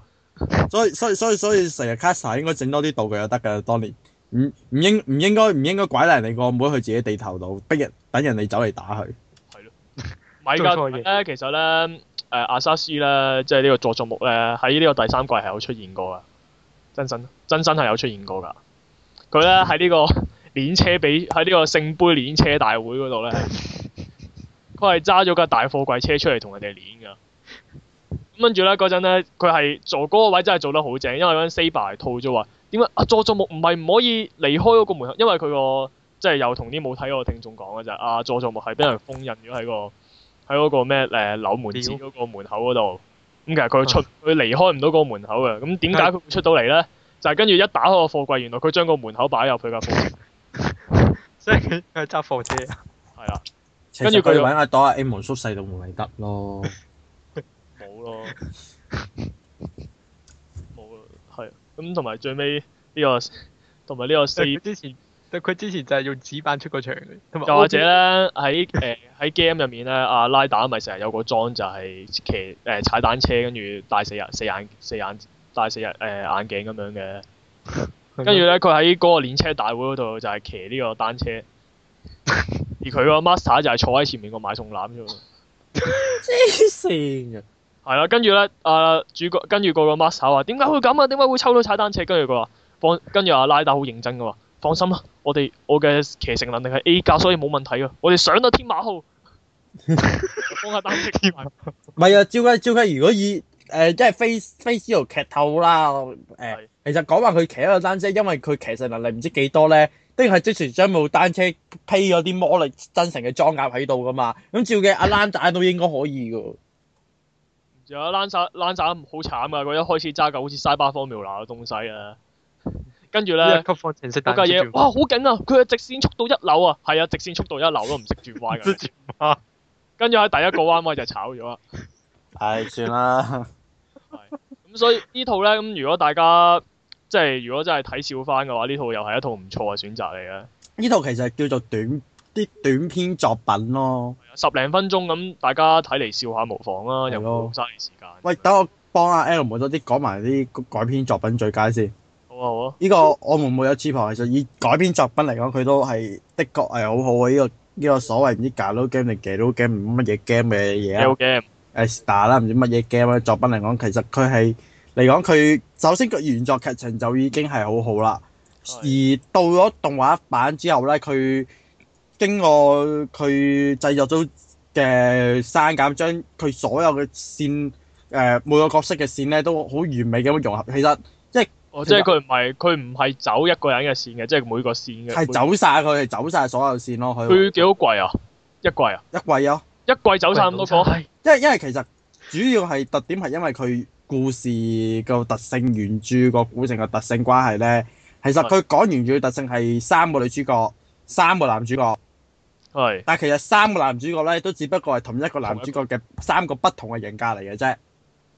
所以所以所以所以成日卡晒 s t 應該整多啲道具就得㗎，當年唔唔應唔應該唔應該拐嚟你個妹去自己地頭度，逼人等人哋走嚟打佢。係咯的，咪噶 誤其實咧阿、啊、沙斯咧，即係呢個佐佐木咧，喺呢個第三季係有出現過噶，真真，真身係有出現過㗎。佢咧喺呢個鏈車比喺呢個聖杯鏈車大會嗰度咧，佢係揸咗架大貨櫃車出嚟同人哋鏈㗎。跟住咧，嗰陣咧，佢係坐嗰個位真係做得好正，因為嗰陣 Saber 係套啫喎。點解阿佐佐木唔係唔可以離開嗰個門口？因為佢個即係又同啲冇睇嗰個聽眾講嘅，就阿佐佐木係俾人封印咗喺、那個喺嗰個咩誒、呃、柳門子嗰個門口嗰度。咁其實佢出，佢離開唔到嗰個門口嘅。咁點解佢出到嚟咧？就係、是、跟住一打開個貨櫃，原來佢將個門口擺入佢架貨櫃。即係佢係揸貨車。係 啊，跟住佢揾阿朵阿 A m o n 宿舍度唔係得咯。 哦，冇啊，係，咁同埋最尾呢、這個，同埋呢個四、啊，之前，佢、啊、之前就係用紙板出過場嘅，又、OK、或者咧喺誒喺 game 入面咧，阿拉達咪成日有個裝就係騎誒踩單車，跟住戴四眼四眼四眼戴四眼誒、呃、眼鏡咁樣嘅，跟住咧佢喺嗰個練車大會嗰度就係騎呢個單車，而佢個 master 就係坐喺前面個買餸籃啫嘛，黐線嘅。係啦、呃，跟住咧，啊主角跟住個個 master 話：點解會咁啊？點解會抽到踩單車？跟住佢話放，跟住阿拉打好認真噶喎。放心啦，我哋我嘅騎乘能力係 A 加，所以冇問題噶。我哋上到天馬號， 放下單車天馬。唔係啊，照計照計，如果以誒、呃、即係 Fate Zero 劇透啦。誒是，其實講話佢騎一個單車，因為佢騎乘能力唔知幾多咧，定係之前將部單車披咗啲魔力真誠嘅裝甲喺度噶嘛。咁照嘅阿拉打都應該都可以噶。 仲有躝曬躝曬，好慘啊！佢一開始揸架好似 Cyber Formula 嘅東西 yeah，啊，跟住咧，嗰架嘢哇好勁啊！佢啊直線速度一流啊，係啊，直線速度一流都唔識轉彎嘅， 跟住喺第一個彎位就炒咗啦。唉， 算啦。咁 所以套呢套咧，咁如果大家即係如果真係睇笑翻嘅話，呢套又係一套唔錯嘅選擇嚟嘅。呢套其實叫做短。啲短篇作品咯，十零分鐘咁，大家睇嚟笑下無妨啦，又冇嘥時間。喂，等我幫阿 L 冇多啲講埋啲改編作品最佳先。好啊好啊。呢個我們冇有知破，其實以改編作品嚟講，佢都係的確係好好嘅。呢個呢個所謂啲 galgame 定 galgame 乜嘢 game 嘅嘢。galgame。Estar 啦，唔知乜嘢 game 咧？作品嚟講，其實佢係嚟講佢首先個原作劇情就已經係好好啦，而到咗動畫版之後咧，佢。經過佢製作咗嘅刪減，將佢所有嘅線，誒每個角色嘅線咧都好完美咁融合。其實即係，哦，即係佢唔係佢唔係走一個人嘅線嘅，即係每個線嘅。係走曬佢係走曬所有線咯，佢。佢幾多季啊？一季啊？一季啊！一季走曬咁多個，因因為其實主要係特點係因為佢故事個特性，原著個古城嘅特性關係咧，其實佢講原著嘅特性係三個女主角，三個男主角。但係其實三個男主角咧，都只不過係同一個男主角嘅三個不同嘅人格嚟嘅啫。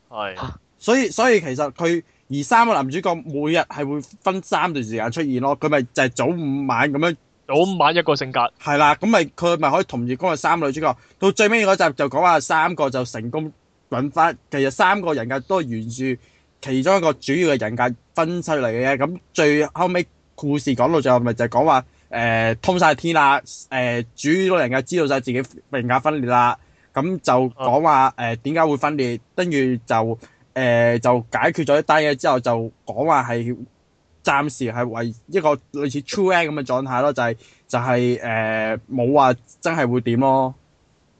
係的、啊。所以所以其實佢而三個男主角每日係會分三段時間出現咯，佢咪就係早午晚咁樣。早午晚一個性格。係啦，咁咪佢咪可以同時講話三個女主角。到最尾嗰集就講話三個就成功揾返，其實三個人格都係源自其中一個主要嘅人格分出嚟嘅啫。咁最後尾故事講到最後咪就係講話。誒、呃、通晒天啦、啊！誒、呃，主要人家知道晒自己人格分裂啦，咁就講話誒點解會分裂，跟住就誒、呃、就解決咗一單嘢之後，就講話係暫時係為一個類似 true end 咁嘅狀態咯，就係、是、就係誒冇話真係會點咯。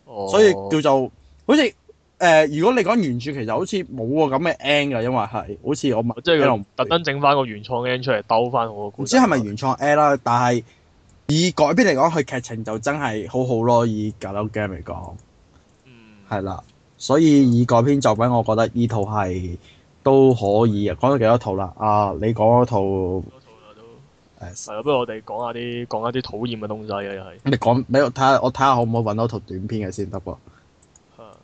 哦、所以叫做好似誒、呃，如果你講原著，其實好似冇個咁嘅 end 㗎，因為係好似我即係佢特登整翻個原創 end 出嚟兜翻我個故事。唔知係咪原創 end 啦，但係。以改編嚟講，佢劇情就真係好好咯。以《Gallow Game》嚟講，係啦，所以以改編作品，我覺得呢套係都可以啊。講咗幾多套啦？啊，你講一套，誒，不過我哋講下啲，講下啲討厭嘅東西啊。你講，俾我睇下，我睇下可唔可以搵到套短片嘅先得噃。咁啊，啊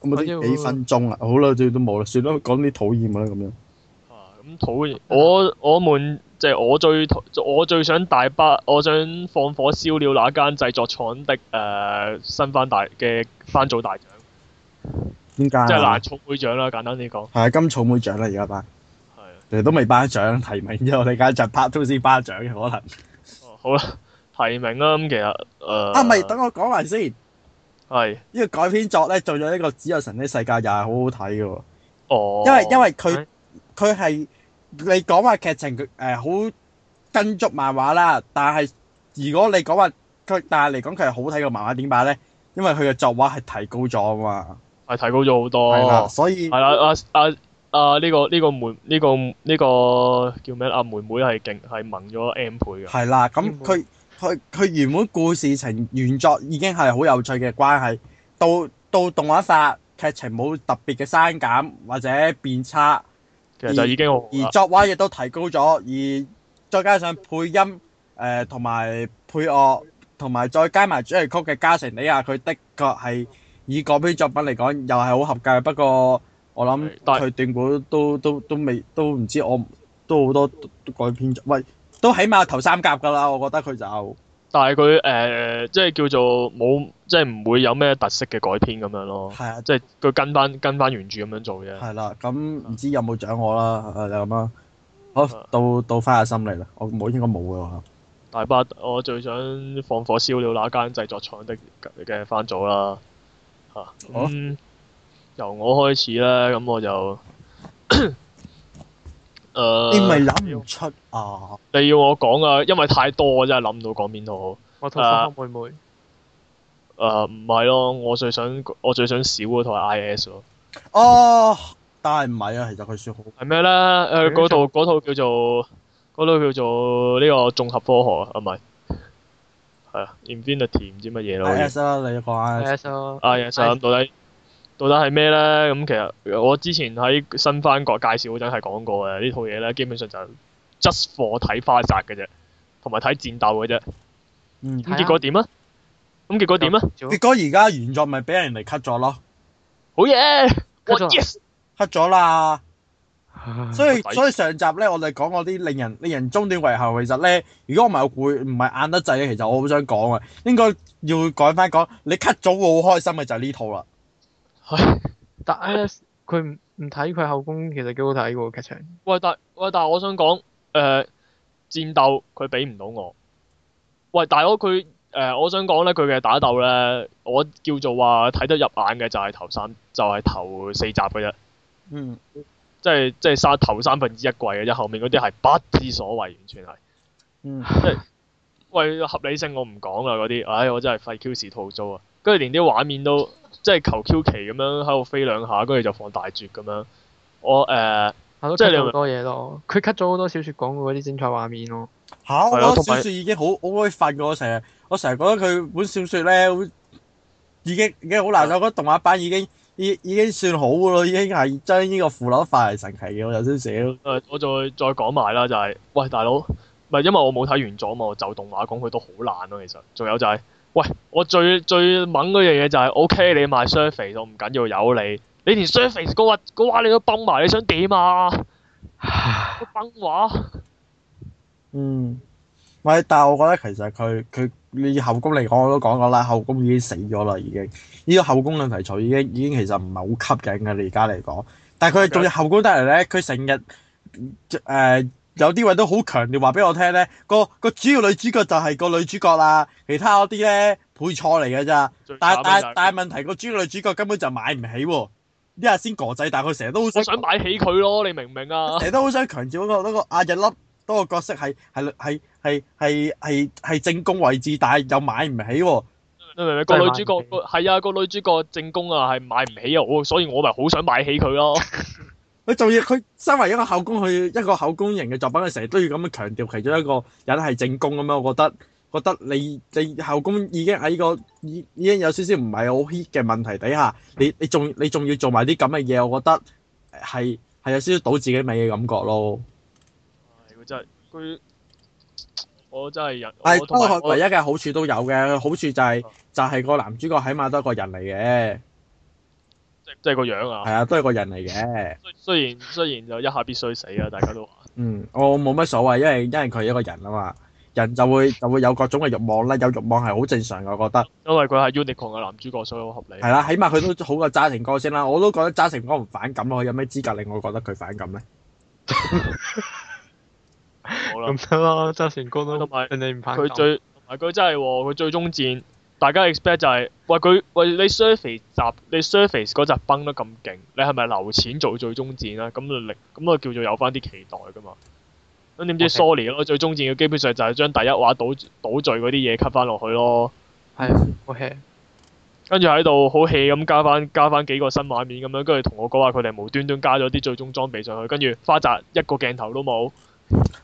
我幾分鐘啊，好耐最都冇啦，算啦，講啲討厭啦咁樣。咁討、嗯、我，我們即係、就是、我最我最想大把，我想放火燒了那間製作廠的誒、呃、新番大嘅番組大獎。點解？即係嗱，草莓獎啦，簡單啲講。係啊，金草莓獎啦，而家頒，係是其實都未頒獎提名啫，我哋而家就拍拖先，頒獎嘅可能。哦、好啦，提名啦。咁其實誒。呃、啊，咪等我講埋先。係是。呢個改編作咧，做咗一個只有神的世界，又係好好睇嘅喎。哦。因為因為佢。佢係你講話劇情，佢、呃、好跟足漫畫啦。但係如果你講話佢，但係嚟講，佢係好睇過漫畫點解咧？因為佢嘅作畫係提高咗啊嘛，係提高咗好多、啊，所以係啦。阿阿阿呢個呢、這個妹呢、這個呢、這個、這個、叫咩？阿、啊、妹妹係勁係萌咗 M 倍嘅係啦。咁佢佢佢原本故事情原作已經係好有趣嘅關係，到到動畫化劇情冇特別嘅刪減或者變差。而作畫亦都提高咗，而再加上配音，誒同埋配樂，同埋再加埋主題曲嘅加成，你話佢的確係以改編作品嚟講又係好合格。不過我諗佢斷估都都都，都未都唔知我，我都好多都都改編作，喂都起碼頭三甲㗎啦。我覺得佢就。但係佢誒，即係叫做冇，即係唔會有咩特色嘅改編咁樣咯。係啊，即係佢跟翻跟翻原著咁樣做啫。係啦、啊，咁唔、嗯、知有冇獎我啦？誒、啊，你諗啦。好，啊、到到翻下心嚟啦。我冇應該冇嘅喎。啊、大伯，我最想放火燒了那間製作廠的嘅番組啦。嚇、啊！嗯啊、由我開始啦，咁我就。 Uh, 你咪諗唔出啊！你要我講啊，因為太多我真係諗唔到講邊套好。我同花妹妹。誒，唔係咯，我最想我最想少嗰套係 I S 咯。哦，但係唔係啊，其實佢算好。係咩咧？誒、呃，嗰套套叫做嗰套、那個、叫做呢個綜合科學啊，唔係。係啊 Infinity 唔知乜嘢咯。I S 啦， 你講 I S 咯，I S 多啲。到底係咩咧？咁其實我之前喺新番國介紹嗰陣係講過嘅呢套嘢咧，基本上就 just 貨睇花札嘅啫，同埋睇戰鬥嘅啫。嗯。嗯，結果點啊？咁、嗯嗯、結果點啊？嗯、結果而家原作咪俾人嚟 cut 咗咯。好嘢！cut 咗啦。Yes, 所以所以上集咧，我哋講嗰啲令人令人中斷遺憾。其實咧，如果我唔係攰唔係晏得滯，其實我好想講啊，應該要改翻講你 cut 咗，會好開心嘅就係、是、呢套啦。係， 但係佢唔唔睇佢後宮，其實幾好睇噶喎劇情。喂，但喂，但係我想講，誒、呃，戰鬥佢俾唔到我。喂，大佬佢誒，我想講咧，佢嘅打鬥咧，我叫做話睇得入眼嘅就係頭三，就係、是、頭四集嘅啫。嗯。即係即係三頭三分之一季嘅啫，後面嗰啲係不知所謂，完全係。嗯。即係，喂，合理性我唔講啦嗰啲，唉、哎，我真係費 q 事吐槽啊，跟住連啲畫面都。即係求 Q 奇咁樣喺度飛兩下，跟住就放大絕咁樣。我誒，呃、即係你多嘢咯。佢 cut 咗好多小説講過嗰啲精彩畫面咯。嚇！我，我覺得小説已經好，我可以瞓過成日。我成日覺得佢本小説咧已經已經好爛。嗯、我覺得動畫版已經已經已經算好噶咯。已經係將呢個腐爛化為神奇嘅、呃。我頭先寫，誒我再再講埋啦，就係、是、喂大佬，唔係因為我冇睇完咗嘛，我就動畫講佢都好爛咯。其實，仲有就係、是。喂，我最最猛嗰樣嘢就係、是、O.K. 你賣 surface 我唔緊要，由你。你連 surface 哥話你都崩埋，你想點啊？ 崩我。嗯。喂，但係我覺得其實佢佢，你後宮嚟講我都講過啦，後宮已經死咗啦，已經。呢個後宮論題材已經已經其實唔係好吸引嘅，你而家嚟講。但係佢仲要後宮得嚟咧，佢成日誒。呃有啲位都好強調話俾我聽咧，個、那個主要女主角就係個女主角啦，其他嗰啲咧配菜嚟㗎咋。假但係但但係問題、那個主要女主角根本就買唔起喎，呢下先槓仔，但係佢成日都好，想買起佢咯，你明唔明啊？成日都好想強調嗰、那個嗰阿日粒，嗰、那個、個,個角色係係係係係係正宮位置，但係又買唔起喎、啊。個女主角個係啊個女主角正宮啊，係買唔起啊，所以我咪好想買起佢咯。 佢做嘢，佢身為一個後宮，佢一個後宮型嘅作品佢成日，都要咁樣強調其中一個人係正宮咁樣。我覺得，覺得你你後宮已經喺呢個已已經，有少少唔係好 hit 嘅問題底下，你你仲你仲要做埋啲咁嘅嘢，我覺得係係有少少倒自己米嘅感覺咯。係，佢真係佢，我真係人。係，不過唯一嘅好處都有嘅，好處就係就係個男主角起碼多一個人嚟嘅。即即係個樣啊？係啊，都係個人嚟嘅。雖然雖然就一下必須死啊，大家都話。嗯，我冇乜所謂，因為因為佢係一個人啊嘛，人就會就會有各種嘅欲望啦，有欲望係好正常，我覺得。因為佢係 Unicorn 嘅男主角，所以好合理。係啦、啊，起碼佢都好過渣成哥先啦。我都覺得渣成哥唔反感我，佢有咩資格令我覺得佢反感咧？好啦，咁得啦，渣成哥都同埋人哋唔反佢最同埋佢真係喎，佢最終戰。 大家 expect 就係，喂佢，喂你 surface 集，你 surface 嗰集崩得咁勁，你係咪留錢做最終戰啊？咁力，咁啊叫做有翻啲期待噶嘛？咁點知 sorry 咯，最終戰佢基本上就係將第一話倒倒序嗰啲嘢吸翻落去咯。係，OK。跟住喺度好 hea 咁加翻加翻幾個新畫面咁樣，跟住同我講話佢哋無端端加咗啲最終裝備上去，跟住花澤一個鏡頭都冇。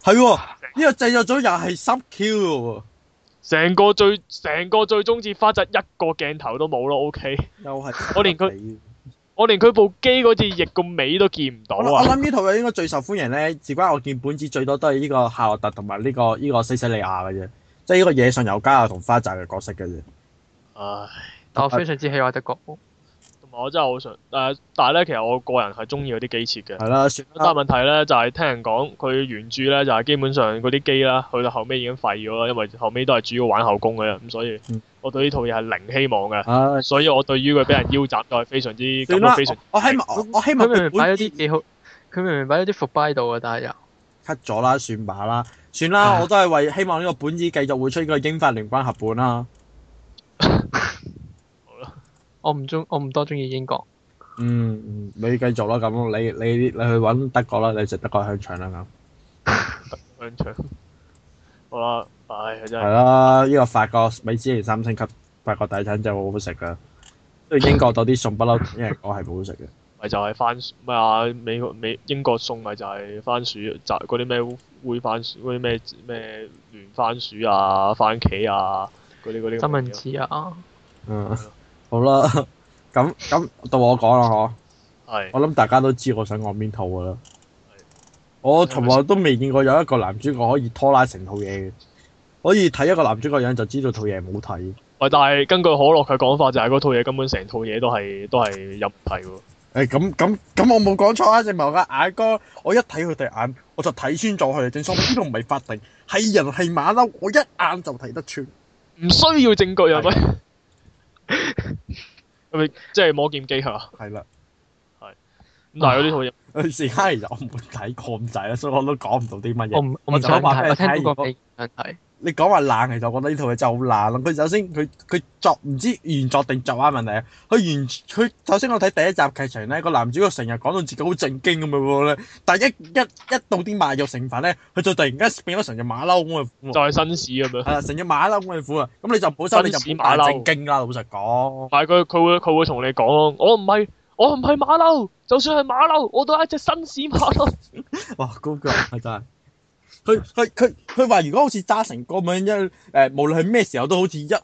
係喎，呢個製作組又係心 Q 喎。成個最成個最終至花澤一個鏡頭都冇咯，OK 又。又係我連佢， 我連佢部機嗰隻翼個尾都見唔到好我諗呢套嘢應該最受歡迎咧，事關我見本子最多都係呢個夏洛特同埋呢個呢、呢個西西莉亞嘅啫，即係呢個野上友佳同花澤嘅角色嘅啫。唉，但我非常之喜愛德國。我真係好想，誒，但係咧，其實我個人係中意嗰啲機設嘅。係啦，算。但係問題咧，就係聽人講佢原著咧，就係基本上嗰啲機啦，去到後尾已經廢咗啦，因為後尾都係主要玩後宮嘅，咁所以我對呢套嘢係零希望嘅。所以，我對於佢俾人腰斬都係非常之覺得非常。我希我我希望佢明明擺咗啲幾好，佢明明擺咗啲伏筆喺度嘅，但係又 cut 咗啦，算吧啦，算啦，我都係為希望呢個本子繼續會出呢個英法聯軍合本啦。我唔中，我唔多中意英國。嗯，你繼續啦，咁你你你去揾德國啦，你食德國香腸啦咁。香腸。 好啦，唉，啦了，依、嗯、個法國米芝蓮三星級法國大餐真係好好食噶，都 英國多啲餸不嬲，英國係唔好食嘅。咪就係番，薯，咩啊？美國美英國餸咪就係番薯，就嗰啲咩烏番薯，嗰啲咩咩聯番薯啊、番茄啊嗰啲嗰啲。三文治啊。嗯。 好啦，咁咁到我講啦，的我諗大家都知我想講邊套噶啦。的我從來都未見過有一個男主角可以拖拉成套嘢嘅，可以睇一個男主角樣就知道套嘢唔好睇。喂，但係根據可樂嘅講法、就係，就係嗰套嘢根本成套嘢都係都係有問題。誒、欸，咁咁咁我冇講錯啊！正話嘅阿哥，我一睇佢對眼，我就睇穿咗佢。正所謂呢度唔係法庭，係人係馬騮，我一眼就睇得穿，唔需要證據啊！的 係咪 即係摸劍機係嘛？係啦，係咁，但係呢套嘢，我而家又冇睇咁滯啦，所以我都講唔到啲乜嘢。我唔，我咪想睇，我聽睇。果你講話冷，其實我覺得呢套嘢就難咯。佢首先佢佢作唔知原作定作畫問題啊。佢原佢首先我睇第一集劇情咧，個男主角成日講到自己好正經咁樣咧，但係一一一到啲賣肉成分咧，佢就突然間變咗成隻馬騮咁啊！就係紳士咁樣。係啊對，成隻馬騮咁嘅款啊！咁 你就你本身你就你入嚟正經噶，老實講。但係佢佢會佢會同你講，我唔係我唔係馬騮，就算係馬騮，我都係一隻紳士馬騮。 哇！高腳係真係～ 佢佢佢佢話：如果好似揸成個咁一誒，無論係咩時候都好似一誒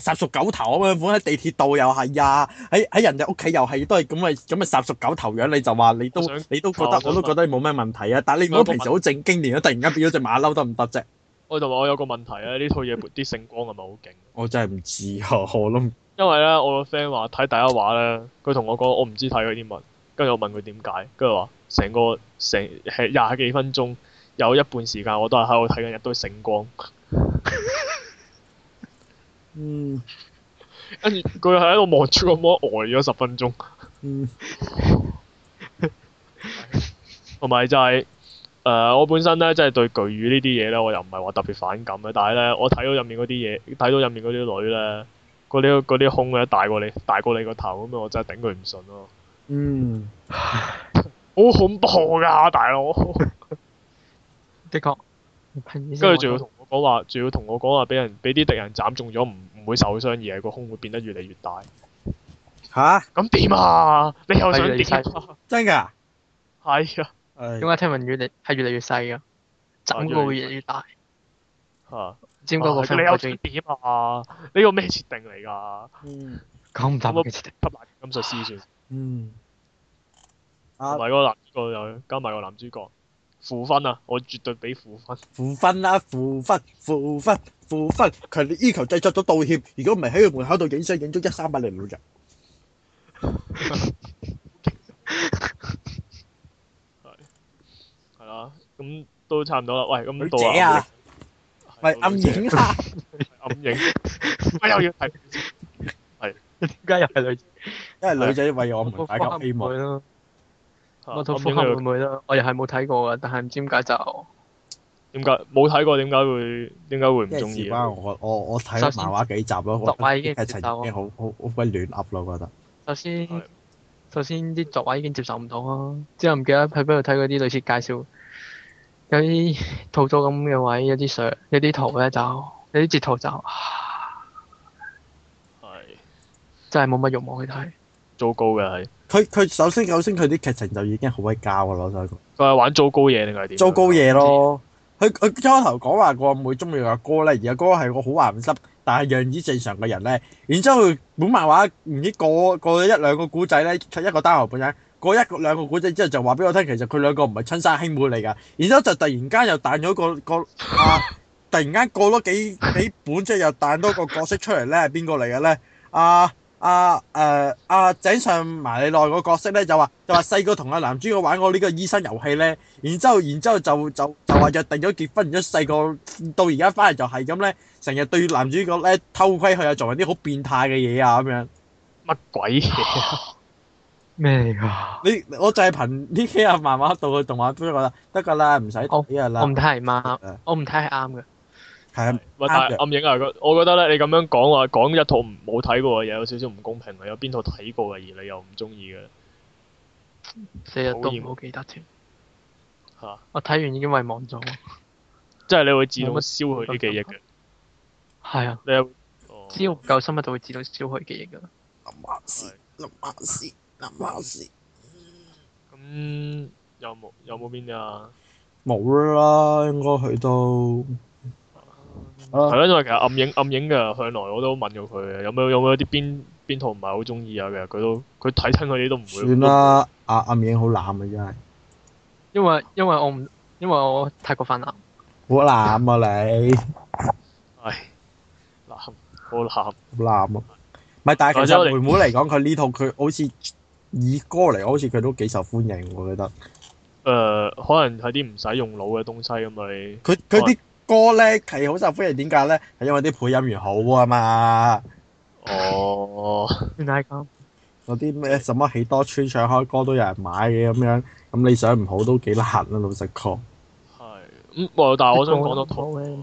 殺、呃、熟狗頭咁樣，喺地鐵度又係啊，喺喺人哋屋企又係，都係咁咪咁咪殺熟狗頭樣。你就話你都想你都覺得我，我都覺得冇咩問題啊。但係你我平時好正經練啊，突然間變咗隻馬騮得唔得啫？我就話我有個問題咧，呢套嘢撥啲聖光係咪好勁？我真係唔知啊，我諗因為咧，我個 friend 話睇第一話咧，佢同我講我唔知睇咗啲乜，跟住我問佢點解，跟住話成個成係廿幾分鐘。有一半時間我都係喺度睇緊一堆聖光 嗯，跟住佢係喺度望住個魔呆咗十分鐘， 嗯，同 埋就係、是，誒、呃、我本身咧即係對巨乳呢啲嘢咧，我又唔係話特別反感嘅，但係咧我睇到入面嗰啲嘢，睇到入面嗰啲女咧，嗰啲嗰啲胸咧大過你大過你個頭咁啊，我真係頂佢唔順咯，嗯， 好恐怖噶、啊、大佬。 的確，的，跟住仲要同我講話，仲要同我講話，俾人俾啲敵人斬中咗，唔唔會受傷，而係個胸會變得越嚟越大。吓蛤？咁點啊？你又想點，啊啊？真噶？係啊。點解，哎、呀呀聽聞越嚟係越嚟越細噶？斬過會越嚟越大。吓？尖嗰個 f 有轉變啊？呢個咩設定嚟噶？搞唔大個就定算，啊啊。嗯。埋，嗯、個男，個又加埋個男主角。負分啊！我絕對俾負分。負分啦，負分，負分，負分！強烈要求製作咗道歉。如果唔係喺佢門口度影相，影咗一三百零日。係係啦，咁 都差唔多啦。喂，咁都到啊！咪、哎、暗影啊！暗影、哎，我又要睇。係。點解又係女？因為女仔為我哋大家希望。我套服後會唔會啦？我又係冇睇過嘅，但係唔知點解就點解冇睇過？點解會點解會唔中意？我我我睇漫畫幾集咯，漫畫已經接受，已經好好好鬼亂噏咯，覺得。首先的首先啲作畫已經接受唔到咯，之後唔記得喺邊度睇嗰啲類似介紹，有啲套咗咁嘅位，有啲相，有啲圖咧就有啲截圖就係的真係冇乜欲望去睇。糟糕嘅係，佢佢首先首先佢啲劇情就已經好鬼膠噶咯，所以佢係玩糟糕嘢定係點？糟糕嘢咯，佢佢初頭講話個妹中意阿哥咧，而阿哥係個好鹹濕但係樣子正常嘅人咧，然之後佢本漫畫唔知過過一兩個古仔咧，出一個單行本啫，過一兩個古仔之後就話俾我聽，其實佢兩個唔係親生兄妹嚟㗎，然之後就突然間又彈咗個個啊，突然間過多幾幾本即係又彈多個角色出嚟咧，係邊個嚟嘅咧？啊！啊，誒阿井上埋你內個角色咧，就話、是、就話細個同阿男主角玩過呢個醫生遊戲咧，然之後然之後就就就話約定咗結婚，然之後細個到而家翻嚟就係咁咧，成日對男主角咧偷窺，佢啊，做埋啲好變態嘅嘢啊咁樣。乜鬼嘢？？ 咩嚟㗎？你我就係憑呢幾日漫畫到個動畫都覺得得㗎啦，唔使睇㗎啦。我唔睇係啱我唔睇係啱嘅。喂，但係暗影啊，我我覺得咧，你咁樣講話講一套唔冇睇過嘢，有少少唔公平啊！有邊套睇過嘅，而你又唔中意嘅？四日都唔好記得添。係、啊、我睇完已經遺忘咗。 即係你會自動燒去啲記憶嘅。係 啊。你有？只要夠深嘅就會自動燒去記憶噶啦。諗下先，諗下先，咁有冇有冇邊啲啊？冇啦，應該去到。係咯，因為、uh, 其實暗影暗影嘅向來我都問咗佢，有冇有冇啲邊邊套唔係好中意啊？其實佢都佢睇親佢啲都唔會算啦。阿、啊、暗影好濫啊，真係。因為因為我唔因為我太過泛濫。好濫啊你。 唉，濫，好濫，好濫啊！唔係，但係其實妹妹嚟講，佢呢套佢好似以歌嚟，好似佢都幾受歡迎，我覺得。誒、呃，可能係啲唔使用腦嘅東西咁咪。佢佢啲。歌咧係好受歡迎，點解咧？係因為啲配音員好啊嘛。哦。點解咁？嗰啲咩什麼喜多村唱開歌都有人買嘅咁樣，咁你想唔好都幾難啊，老實講。係。咁，但係我想講多套嘅。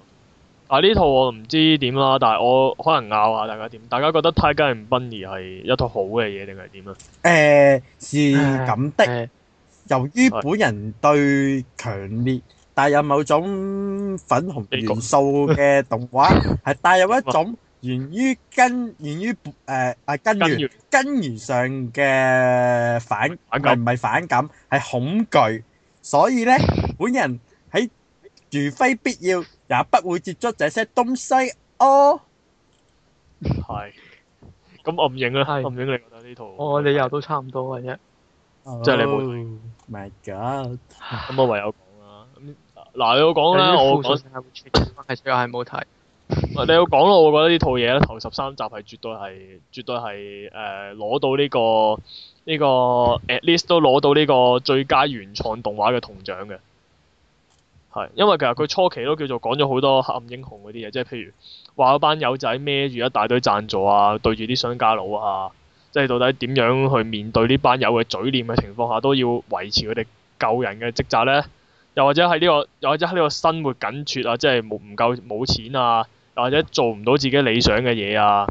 哎、啊，呢套我唔知點啦，但係我可能拗下大家點。大家覺得 Tiger & Bunny 係一套好嘅嘢定係點啊？誒、呃，是咁的。呃、由於本人對強烈。帶有某種粉紅元素嘅動畫，係帶有一種源於根源於誒啊根源根源上嘅反係唔係反感係恐懼，所以咧本人喺如非必要也不會接觸這些東西哦。係，咁暗影啦，係暗影你覺得呢套？我理由都差唔多嘅啫，即係你冇。My God！咁我唯有。嗱，你要講咧，我我其實又係冇睇。你要講咯，我覺得呢套嘢咧，頭十三集係絕對係，絕對係誒攞到呢個呢個 at least 都攞到呢個最佳原創動畫嘅銅獎嘅。係，因為其實佢初期都叫做講咗好多黑暗英雄嗰啲嘢，即係譬如話班友仔孭住一大堆贊助啊，對住啲商家佬啊，即係到底點樣去面對呢班友嘅嘴臉嘅情況下，都要維持佢哋救人嘅職責咧。又或者喺呢個，又或者喺呢個生活緊缺啊，即係冇唔夠冇錢啊，又或者做唔到自己理想嘅嘢啊，誒、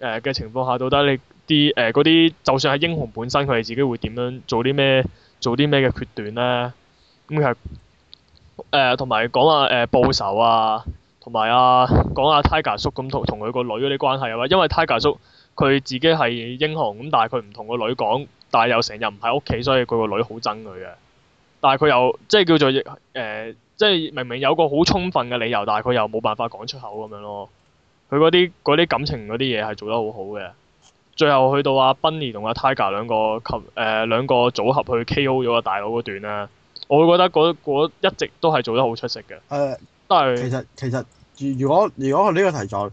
呃、嘅情況下到底你啲誒嗰啲，就算係英雄本身，佢哋自己會點樣做啲咩，做啲咩嘅決斷呢？咁、嗯、其實誒同埋講下「誒、呃呃、報仇」啊，同埋啊講下「Tiger 叔」咁同同佢個女嗰啲關係啊，因為 Tiger 叔佢自己係英雄咁，但係佢唔同個女講，但係又成日唔喺屋企，所以佢個女好憎佢嘅。但係佢又即係叫做亦、呃、即係明明有個好充分嘅理由，但係佢又冇辦法講出口咁樣咯。佢嗰啲啲感情嗰啲嘢係做得好好嘅。最後去到阿 Bunny 同阿 Tiger 兩個及誒、呃、兩個組合去 KO 咗個大佬嗰段咧，我會覺得一直都係做得好出色嘅。誒、呃，都係是。其實其實，如果如果呢個題材，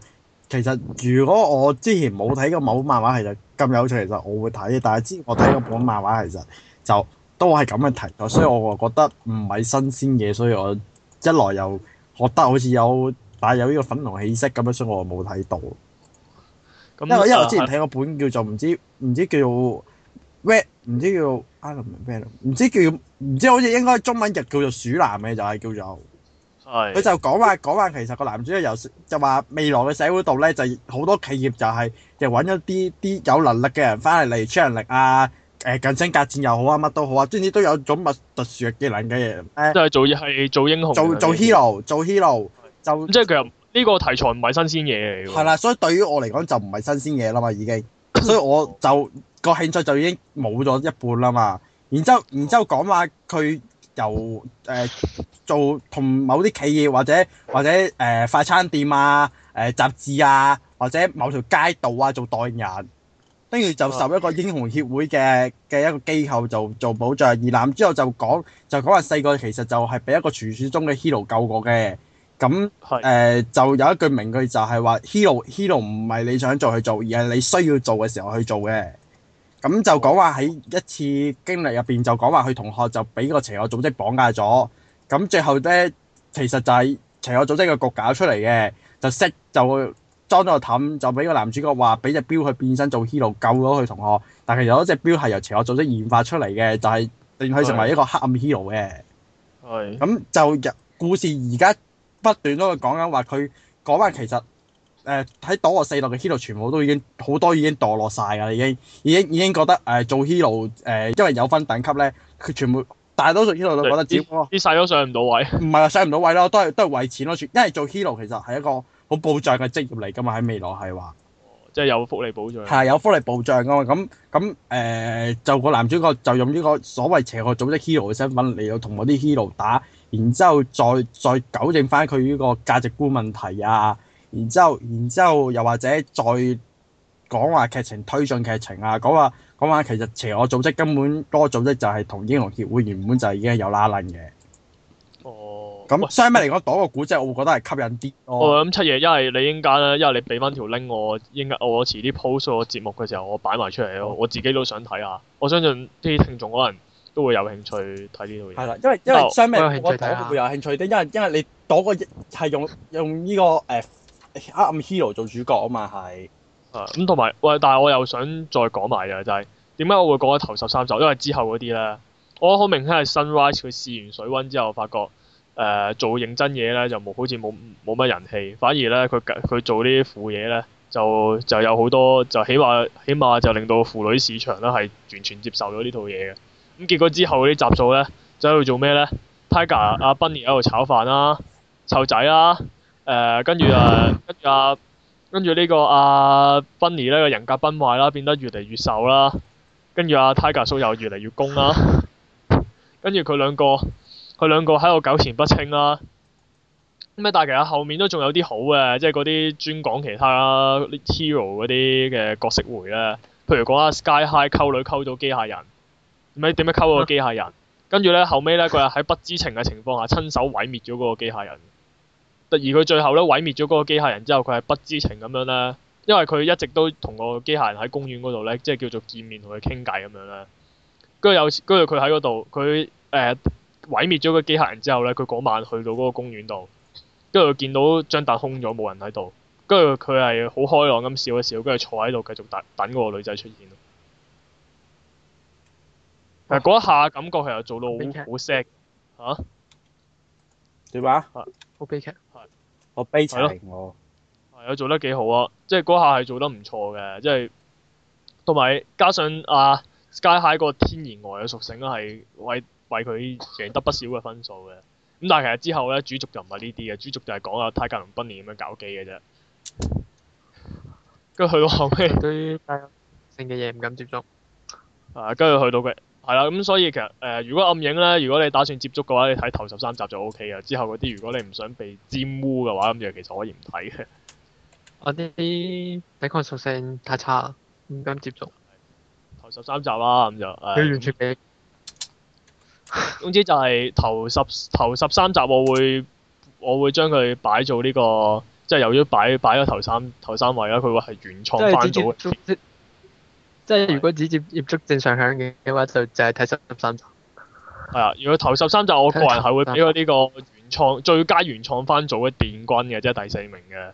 其實如果我之前冇睇過某漫畫，其實咁有趣，其實我會睇。但係之前我睇過本漫畫，其實就。都係咁樣提，所以我又覺得唔係新鮮嘅，所以我一來又覺得好似有帶有呢個粉紅氣息咁樣，所以我冇睇到。那因為因為我之前睇個本叫做唔知唔知叫做唔知叫唔知叫唔知好似應該中文譯叫做鼠男嘅就係、是、叫做。佢是的 就講話講話其實個男主角又就話未來嘅社會度咧，就好多企業就係、是、就揾一啲啲有能力嘅人翻嚟嚟出人力啊。誒、近身格戰又好啊，乜都好啊，即係都有種物特殊嘅技能嘅，誒、欸，都係做係做英雄嘅嘢，做做 hero 做 hero 就、嗯、即係佢呢個題材唔係新鮮嘢嚟喎，係啦，所以對於我嚟講就唔係新鮮嘢啦嘛，已經，所以我就 個興趣就已經冇咗一半啦嘛，然之後，然之後講話佢由誒、呃、做同某啲企業或者或者誒、呃、快餐店啊、誒、呃、雜誌啊或者某條街道啊做代言人。跟住就受一個英雄協會嘅嘅一個機構做做保障，而男之後就講就講話細個其實就係俾一個傳説中嘅 Hero 救過嘅，咁誒的、呃、就有一句名句就係話 Hero Hero 唔係你想做去做，而係你需要做嘅時候去做嘅。咁就講話喺一次經歷入邊就講話佢同學就俾個邪惡組織綁架咗，咁最後咧其實就係邪惡組織嘅局搞出嚟嘅，就 s 就 t 裝咗個氹，就俾個男主角話俾隻錶去變身做 hero 救咗佢同學，但係其實嗰隻錶係由邪惡組織研發出嚟嘅，就係令佢成為一個黑暗 hero 嘅。係的。咁就入故事而家不斷都係講緊話佢講話其實誒喺《躲、呃、我四六》嘅 hero 全部都已經好多已經墮落曬㗎，已經已經已經覺得誒、呃、做 hero 誒、呃、因為有分等級咧，佢全部大多數 hero 都覺得啲啲細都上唔到位。唔係啊，上唔到位咯，都係都係為錢咯，因為做 hero 其實係一個好保障嘅職業嚟㗎嘛？喺未來係話，即係、哦就是、有福利保障。係有福利保障㗎嘛？咁咁誒，就個男主角就用呢個所謂邪惡組織 Hero 嘅身份嚟到同我啲 Hero 打，然之後再再，再糾正返佢呢個價值觀問題啊！然之後，然之後，後又或者再講話劇情推進劇情啊，講話講話其實邪惡組織根本嗰、這個組織就係同英雄協會原本就已經有拉褦嘅。咁，相比嚟講，躲個古仔，我會覺得係吸引啲。我、oh. 諗、哦、七夜，因係你應屆啦，因係你俾翻條 link 我應屆，我遲啲 post 我節目嘅時候，我擺埋出嚟咯。我自己都想睇下。我相信啲聽眾可能都會有興趣睇呢套嘢。係啦，因為我因為相比我我,有我會有興趣啲，因為因為你躲個係用用呢、這個誒暗、uh, hero 做主角啊嘛，係。咁同埋喂，但係我又想再講埋嘅就係點解我會講到頭十三集？因為之後嗰啲咧，我好明顯係 Sunrise 佢試完水温之後我發覺。誒、呃、做認真嘢咧，就冇好似冇冇乜人氣，反而咧佢佢做呢啲腐嘢咧，就就有好多，就起碼起碼就令到腐女市場咧係完全接受咗呢套嘢嘅。咁、嗯、結果之後啲集數咧，就喺度做咩咧？Tiger 阿、啊、Bunny 喺度炒飯啦、啊，湊仔啦、啊，誒、呃、跟住誒、啊、跟住阿、啊、跟住、啊啊、呢個阿 Bunny 呢個人格崩壞啦、啊，變得越嚟越受啦、啊，跟住阿、啊、Tiger 叔又越嚟越攻啦、啊，跟住佢兩個。佢兩個喺度糾纏不清啦，咁啊！但係其實後面都仲有啲好嘅，即係嗰啲專講其他啦，啲 hero 嗰啲嘅角色回咧。譬如講下 Sky High 溝女溝咗機械人，咁啊點樣溝個機械人？跟住咧，後尾咧，佢係喺不知情嘅情況下親手毀滅咗嗰個機械人。但而佢最後咧毀滅咗嗰個機械人之後，佢係不知情咁樣啦，因為佢一直都同個機械人喺公園嗰度咧，即係叫做見面同佢傾偈咁樣啦。跟住有，跟住佢喺嗰度，佢誒。呃毀滅咗個機械人之後呢，佢嗰晚去到嗰個公園度，跟住佢見到張凳空咗冇人喺度，跟住佢係好開朗咁笑一笑，跟住坐喺度繼續等等嗰個女仔出現。但係嗰一下感覺其實做到好好 sad 嚇。點話？好、啊、悲劇。好是悲劇的我，我。係啊，做得幾好得啊！即係嗰下係做得唔錯嘅，即係，同埋加上啊街蟹個天然呆嘅屬性啦，係為。為佢贏得不少嘅分數嘅，咁但係其實之後咧，主軸就唔係呢啲嘅，主軸就係講啊泰格倫賓尼咁樣搞基嘅啫。跟住去到後尾對於性嘅嘢唔敢接觸。係、啊，跟住去到嘅係啦，咁所以其實誒、呃，如果暗影咧，如果你打算接觸嘅話，你睇頭十三集就 O K 嘅，之後嗰啲如果你唔想被沾污嘅話，咁就其實可以唔睇嘅。我啲抵抗屬性太差，唔敢接觸。頭十三集啦、啊，咁就。佢、啊、完全嘅。總之就係頭十頭十三集我會我會將佢擺做呢個即係由於擺擺咗頭三頭三位啦，佢會係原創翻組嘅，即係如果只接接觸正常，響嘅話就就係睇十三集係啊，如果頭十三集我個人係會俾佢呢個原創最佳原創翻組嘅殿軍嘅，即係第四名嘅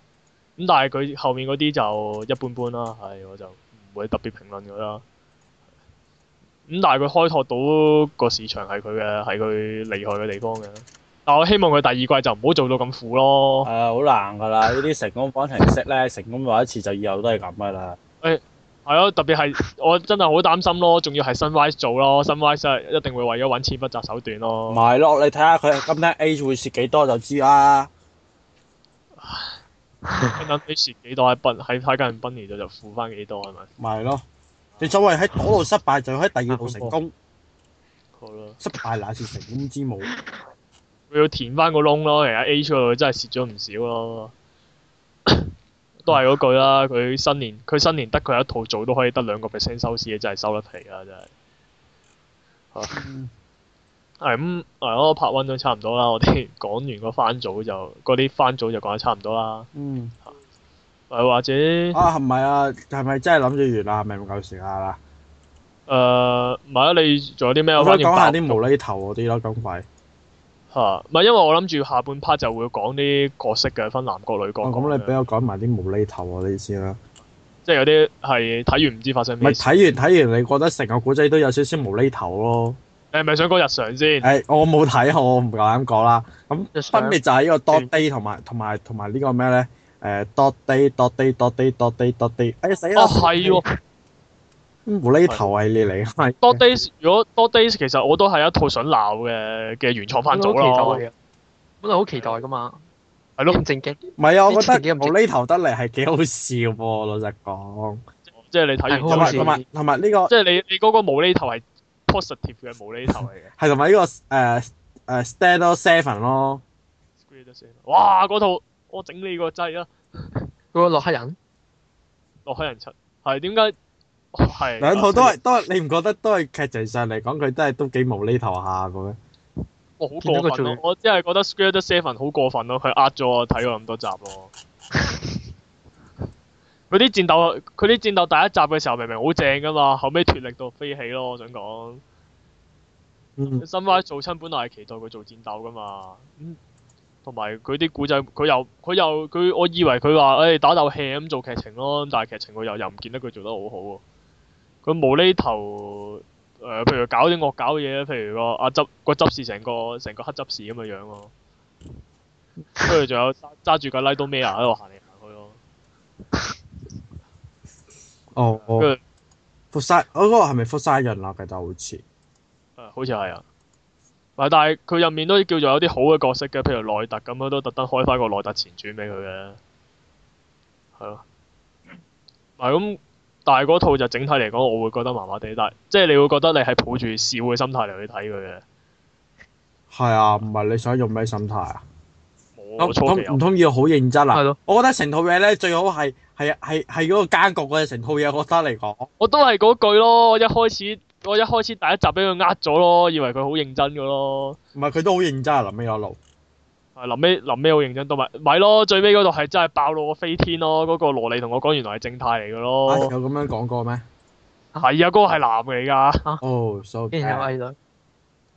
咁，但係佢後面嗰啲就一般般啦，係我就唔會特別評論佢啦。咁但係佢開拓到個市場係佢嘅，係佢厲害嘅地方嘅。但我希望佢第二季就唔好做到咁苦咯。係 啊，好難㗎啦！呢啲成功方程式咧，成功過一次就以後都係咁㗎啦。誒，係 咯、欸欸， 特別係我真係好擔心咯，仲要係 Sunrise 做咯，Sunrise 一定會為咗揾錢不擇手段咯。咪係咯，你睇下佢今天 Age 會蝕幾多就知啦。等等，蝕 幾 多喺筆喺太監 Beni 就付翻幾多係咪？咪係咯。 吧 你所謂喺嗰度失敗，就喺第二度成功。好啦，失敗乃是成功之母。佢要填翻個窿咯，而家 A 出嚟真係蝕咗唔少咯。 都係嗰句啦，佢新年佢新年得佢一套組都可以得兩個 percent 收視，真係收得皮啦，真係。係咁，嗱、嗯啊那個，我拍温都差唔多啦。我哋講完個番組就嗰啲番組就講得差唔多啦。嗯。或者啊唔係啊，係咪、啊、真係諗住完啦？係咪唔夠時間啦？誒、呃，唔係啊，你仲有啲咩？我反而講下啲無厘頭嗰啲咯，咁快吓，唔係因為我諗住下半 part 就會講啲角色嘅，分男角女角。咁、啊、你俾我講埋啲無厘頭嗰啲先啦。即係有啲係睇完唔知發生咩？唔係睇完睇完，完你覺得成個古仔都有少少無厘頭咯？你係咪想講日常先？係我冇睇，我唔夠膽講啦。咁分別就係呢個多 day 同埋同埋同埋呢個咩咧？誒，墮地墮地墮地墮地墮地，哎死啦！啊係喎，無厘頭係你嚟。係墮地，如果墮地，其實我都係一套想鬧嘅嘅原創番組咯。本來好期待嘅，本來好期待噶嘛。係咯，咁正經。唔係啊，我覺得無厘頭得嚟係幾好笑。老實講，即係你睇完同埋同埋呢個，即係你你嗰個無厘頭係 positive 嘅無厘頭嚟嘅。係同埋呢個誒誒 standard seven 咯。哇，嗰套。我整你掣個掣啦！個洛克人，洛克人七係點解？係兩、哦、套都係 都係，你唔覺得都係劇情上嚟講佢都係都幾無厘頭下嘅咩？我好、哦、過分咯、啊！我真係覺得 s S、啊啊《Sacred Seven》好過分咯，佢呃咗我睇咗咁多集咯。佢啲戰鬥，佢啲戰鬥第一集嘅時候明明好正噶嘛，後尾脫力到飛起咯！我想講， 嗯，嗯 Sunrise 做親本來係期待佢做戰鬥噶嘛，嗯同埋佢啲古仔，佢又佢又佢，我以為佢話誒打鬥戲咁做劇情咯，但係劇情佢又又唔見得佢做得好好、啊、喎。佢無厘頭誒、呃，譬如搞啲惡搞嘢，譬如個阿、啊、執個執事成個成個黑執事咁嘅樣喎。跟住仲有揸住架拉多咩啊，喺度行嚟行去咯。哦哦。晒、oh, oh，我嗰個係咪佛晒人啊？其實好似。誒、嗯，好似係啊。但係佢入面都叫做有啲好嘅角色嘅，譬如內特咁樣都特登開翻個內特前傳畀佢嘅，係咯。係咁，但係嗰套就整體嚟講，我會覺得麻麻地，但係即係你會覺得你係抱住社會嘅心態嚟去睇佢嘅。係啊，唔係你想用咩心態啊？唔通唔通，要那好認真啊！的我覺得成套嘢咧，最好係係係係嗰個間局嘅成套嘢，我覺得嚟講。我都係嗰句咯，一開始。我一開始第一集俾佢呃咗咯，以為佢好認真噶咯。唔係佢都好認真啊！臨尾嗰度。係臨尾，臨尾好認真，都埋咪咯，最尾嗰度係真係爆露我飛天咯！嗰、那個羅莉同我講，原來係正太嚟噶咯。哎、有咁樣講過咩？係啊，嗰、那個係男嘅而家。哦、啊，收、oh, so。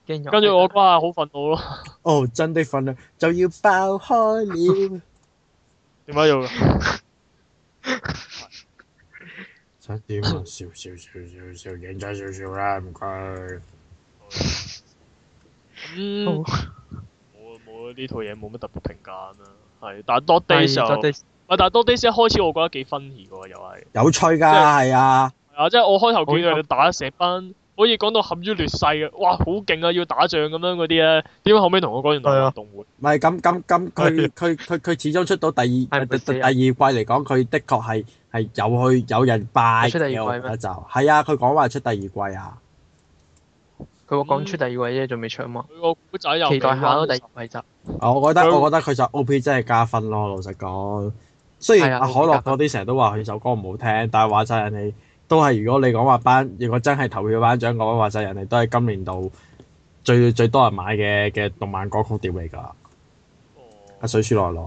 今跟住我嗰好憤怒咯。哦，oh, 真的憤怒，就要爆開了。點解 要？ 少少少少少影真少少啦，唔該。好。冇啊冇啊，呢、嗯 oh. 套嘢冇乜特別評價啦，啊。係，但係多啲但係多啲一開始我覺得幾 funny 喎又係。有趣㗎，係，就是，啊。啊，即係我開頭見佢哋打石斑。可以講到陷於劣勢嘅，哇，好勁啊！要打仗咁樣嗰啲咧，點解後尾同我講完動活？唔係咁咁咁，佢佢佢佢始終出到第二 第二季嚟講，佢的確係係有去有人拜出第二嘅就係啊，佢講話出第二季啊，佢話講出第二季啫、啊，仲未、嗯、出啊嘛，個故仔又期待下咯，第二季集。哦、我覺得他我覺得佢就 O P 真係加分咯，老實講。雖然阿、啊、的可樂嗰啲成日都話佢首歌唔好聽，但係話晒人哋。都係如果你講話班，如果真係投票班長講，話晒人哋都係今年度最最多人買嘅嘅動漫歌曲碟嚟㗎。阿水樹奈奈。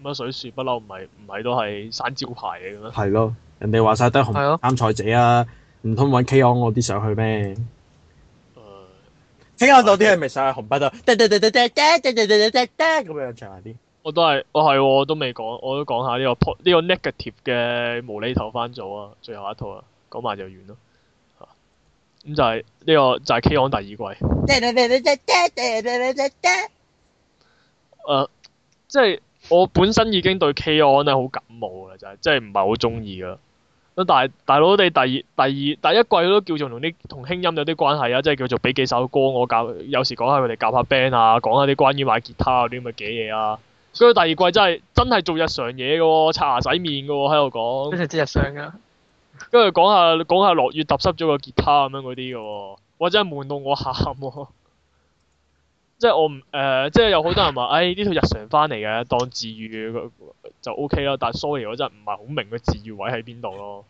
咁阿水樹不嬲唔係唔係都係生招牌嚟嘅咩？係咯，人哋話晒都係紅三彩子啊，唔通揾 K-On 嗰啲上去咩 K-On 嗰啲係咪上喺紅白得，咁樣咋啲？我都係，我係我都未講，我都講下呢，這個呢，這個 negative 嘅無厘頭番組啊！最後一套啊，講埋就完咯。咁、啊嗯、就係、是、呢、這個就係、是、K-on 第二季。 呃、即係我本身已經對 K-on 好感冒啦，就係、是、即係唔係好中意噶啦。咁但係大佬你第二第二第一季都叫做同啲同輕音有啲關係啊，即係叫做俾幾首歌我教，有時講下佢哋夾下 band 啊，講下啲關於買吉他嗰啲咁嘅嘅嘢啊。跟住第二季真係真係做日常嘢嘅喎，刷牙洗面嘅喎，喺度講。跟住即日常㗎。跟住講下講下落雨揼濕咗個吉他咁樣嗰啲嘅喎，或者我真係悶到我喊。即係我唔誒、呃，即係有好多人話，誒呢、 哎、套日常翻嚟嘅，當治愈嘅就 O K 啦。但係 sorry，我真係唔係好明佢治愈位喺邊度咯。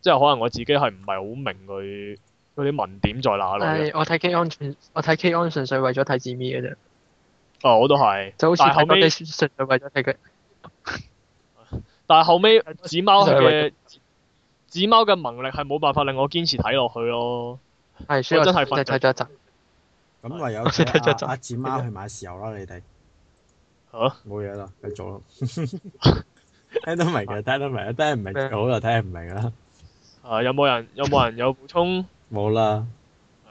即係可能我自己係唔係好明佢佢啲文點在哪裡、哎？我睇 K-On 純，我睇 K-On 純粹為咗睇字面嘅啫。啊！我都係，但係後尾純粹為咗睇佢。但係後尾，紙貓嘅紙貓嘅能力係冇辦法令我堅持睇落去咯。係，所以真係快睇咗一集。咁唯有阿紙貓去買豉油啦，你哋。好，冇嘢啦，繼續咯。聽得明嘅，聽得明；聽唔明嘅，好就聽唔明啦。啊！有冇人？有冇人有補充？冇啦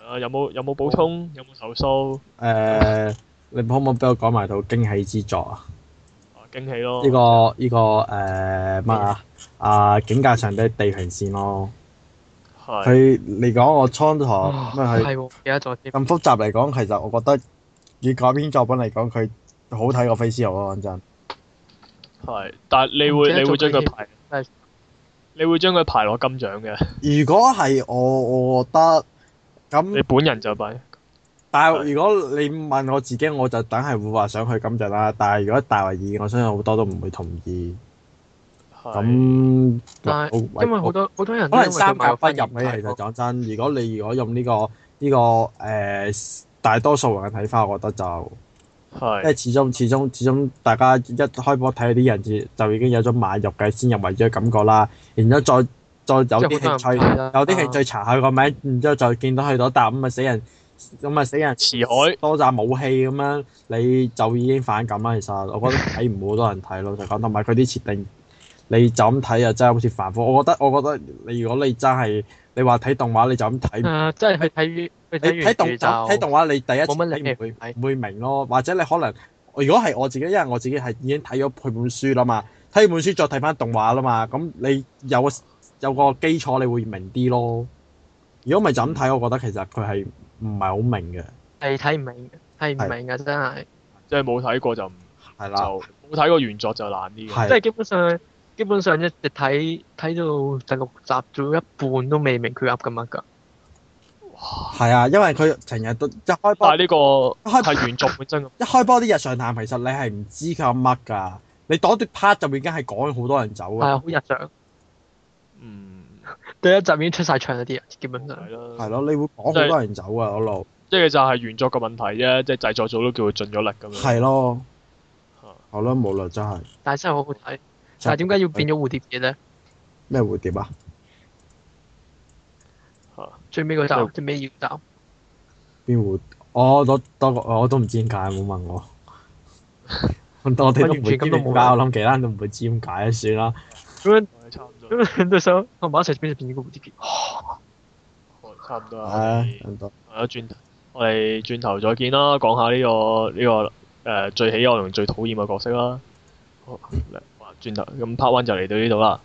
了。有冇有冇補充？有冇投訴？誒、啊、～你可唔可以俾我講埋套驚喜之作啊？驚喜咯！呢個呢個誒乜啊？啊，境界上的地平線咯。係。佢嚟講，我倉頡咩係？係喎，記得咗啲。咁複雜嚟講，其實我覺得以改編作品嚟講，佢好睇過 Fate/Zero 嗰陣，講真。係，但係你會你會將佢排？你會將佢排落金獎嘅？如果係我，我覺得咁。你本人就比。但係，如果你問我自己，我就等係會話想去咁就啦。但係如果大衛爾，我相信好多都唔會同意。咁，因為好多好多人分可能三腳不入嘅，其實講真，嗯、如果你如果用呢、這個呢、這個誒、呃、大多數人嘅睇法，我覺得就係因為始終始終始終大家一開波睇到啲人就，就已經有咗賣肉嘅先入為主嘅感覺啦。然之後再再有啲興趣，有啲興趣查、啊、下佢個名，然之後再見到佢攞蛋，咁咪死人。咁咪死人池海愛多扎武器咁樣，你就已經反感啦。其實我覺得睇唔好多人睇咯，就講同埋佢啲設定，你就咁睇就真係好似繁複。我覺得我覺得你如果你真係你話睇動畫你就咁睇，誒即係去睇看。你睇動睇動畫你第一次理你唔會唔會明咯？或者你可能如果係我自己，因為我自己係已經睇咗配本書啦嘛，睇本書再睇翻動畫啦嘛，咁你有有個基礎，你會明啲咯。如果咪就咁睇，我覺得其實佢係唔係好明嘅，係睇唔明嘅，係唔明嘅真係。即係冇睇過就，係啦，冇睇過原作就難啲嘅。即係基本上，基本上一直睇睇到第六集仲有一半都未明佢噏緊乜噶。係啊，因為佢成日都一開波。但係呢個係原作本身。一開波啲日常談，其實你係唔知佢噏乜噶。你當啲 part 就已經係趕好多人走。係啊，好日常。嗯。第一集已經出晒場一啲人啊，點樣啊？係咯，係咯，你會講好多人走啊，我諗。即係就係原作個問題啫，即係製作組都叫佢盡咗力咁樣。係咯。好啦，冇啦，真係。但係真係好好睇，但係點解要變咗蝴蝶嘅咧？咩蝴蝶啊？最尾嗰答，最尾要答。邊蝴？我我多我都唔知點解，冇問我。我我哋唔知咁都冇解，我諗其他人都唔會知點解，算啦。咁樣差唔多，咁都想同埋一齊變隻變異菇啲嘅，差唔多啊！差唔多，我、 啊、轉，我哋轉頭再見啦，講下呢、呢個呢、呢個誒、呃、最喜愛同最討厭嘅角色啦。好，啊、轉頭咁 part one 就嚟到呢度啦。